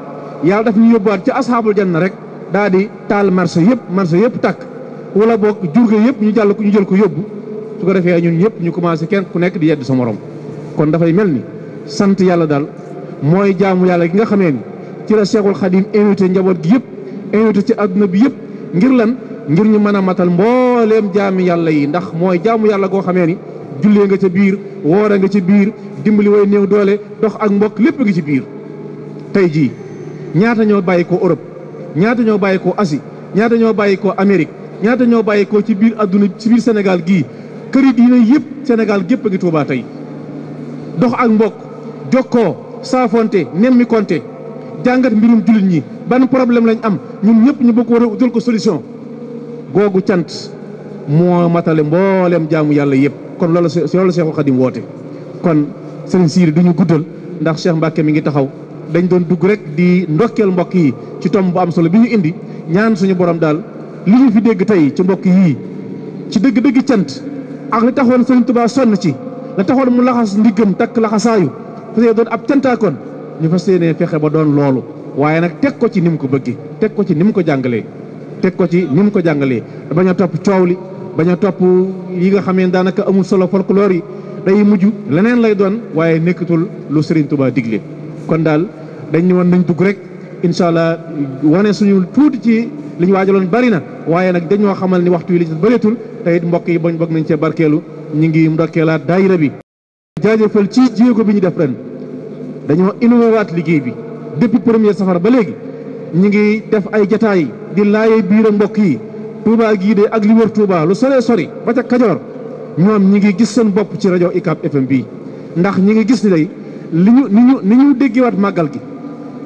yàlla daf ñu yóbbuwaat ci asxaabul janna rek daal di taal marché yëpp marché yëpp tàkk wala boog jurge yëpp ñu jàll ñu jël ko yóbbu su ko defee ñun ñëpp ñu commencé kenn ku nekk di yedd sa morom kon dafay mel ni sant yàlla dal mooy jaamu yàlla gi nga xamee ni ci la Seexul Xadim invité njaboot gi yëpp invité ci àdduna bi yëpp ngir lan ngir ñu mën a matal mbooleem jaami yàlla yi ndax mooy jaamu yàlla goo xamee ni jullee nga ca biir woore nga ca biir dimbali way néew doole dox ak mbokk lépp ngi ci biir tey jii ñaata ñoo bàyyi ko Europe ñaata ñoo bàyyi ko Asie ñaata ñoo bàyyi ko Amérique ñaata ñoo bàyyi ko ci biir àdduna ci biir Sénégal gii këri diine yëpp Sénégal gépp a ngi Tuubaa tey dox ak mbokk jokkoo saafonte nemmi konte jàngat mbirum jullit ñi ban problème lañ am ñun ñëpp ñu bokk war a jël ko solution googu cant moo matale mboolem jaamu yàlla yëpp kon loolu si loolu Seexul Xadim woote kon sëriñ Siiri du ñu guddal ndax Cheikh Mbacke mi ngi taxaw dañ doon dugg rek di ndokkeel mbokk yi ci tomb bu am solo bi ñu indi ñaan suñu borom daal li ñu fi dégg tey ci mbokk yii ci dëgg-dëgg cant ak li taxoon sëriñ Tuubaa sonn ci la taxoon mu laxas ndiggam takk laxasaayu fas doon ab cantaakoon ñu fa yéenee fexe ba doon loolu waaye nag teg ko ci ni mu ko bëggee teg ko ci ni mu ko jàngalee teg ko ci ni mu ko jàngalee bañ a topp coow li bañ topp yi nga xamee daanaka amul solo folklore yi day mujj leneen lay doon waaye nekkatul lu Serigne Touba digle kon daal dañ ne woon nañ dugg rek incha allah wane suñu tuuti ci li waajaloon bari na waaye nag dañoo xamal ni waxtu li ci bëreetul te it mbokk yi bañ bokk nañ cee barkeelu ñu ngi ndokkeelaat daayira bi. jaajëfal ci jéego bi ñu def ren dañoo innové waat liggéey bi depuis premier safara ba léegi ñu ngi def ay jataay di laajee biir mbokk yi. Touba gii de ak li wër Touba lu soree sori ba ca Kajoor ñoom ñi ngi gis seen bopp ci rajo UCAB FM bii ndax ñi ngi gis ni day li ñu ni ñu ni déggewaat màggal gi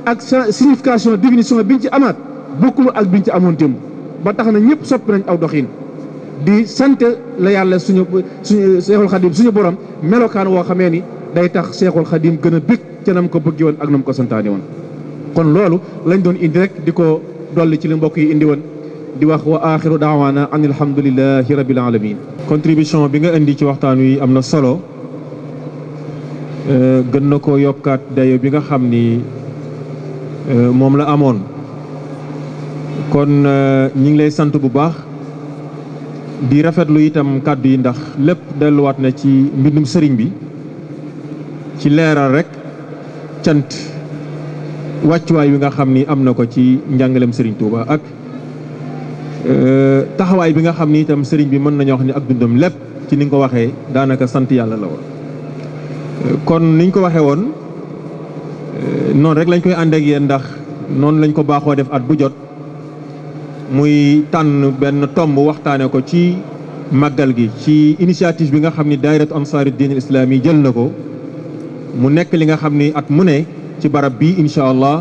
ak signification définition biñ ci amaat bokkul ak biñ ci amoon démb ba tax na ñëpp soppi nañ aw doxiin di sant la yàlla suñu suñu seexul xadim suñu borom melokaan woo xamee ni day tax seexul xadim gën a bég ca nam ko bëggee woon ak nam ko santaane woon kon loolu lañ doon indi rek di ko dolli ci li mbokk yi indi woon di wax wa aaxiru daawaana an contribution bi nga indi ci waxtaan wi am na solo euh, gën na ko yokkaat dayo bi nga xam ni euh, moom la amoon kon euh, ñi ngi lay sant bu baax di rafetlu itam kàddu yi ndax lépp delluwaat na ci mbindum sëriñ bi ci leeral rek cant wàccuwaay wi nga xam ni am na ko ci njàngalem sëriñ Touba ak Euh, taxawaay bi nga xam ni itam sëriñ bi mën nañoo wax ni ak dundam lépp ci ni nga ko waxee daanaka sant yàlla la woon. Euh, kon niñ ko waxee woon euh, noonu rek lañ koy ànd ak ndax noonu lañ ko baaxoo def at bu jot muy tànn benn tomb waxtaanee ko ci màggal gi ci initiative bi nga xam ni daayiratu ansaaru diin al islaam yi jël na ko mu nekk li nga xam ni at mu ne ci barab bi incha allah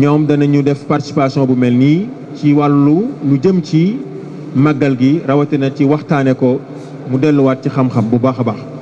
ñoom dana ñu def participation bu mel nii. ci wàllu lu jëm ci màggal gi rawatina ci waxtaane ko mu delluwaat ci xam-xam bu baax a baax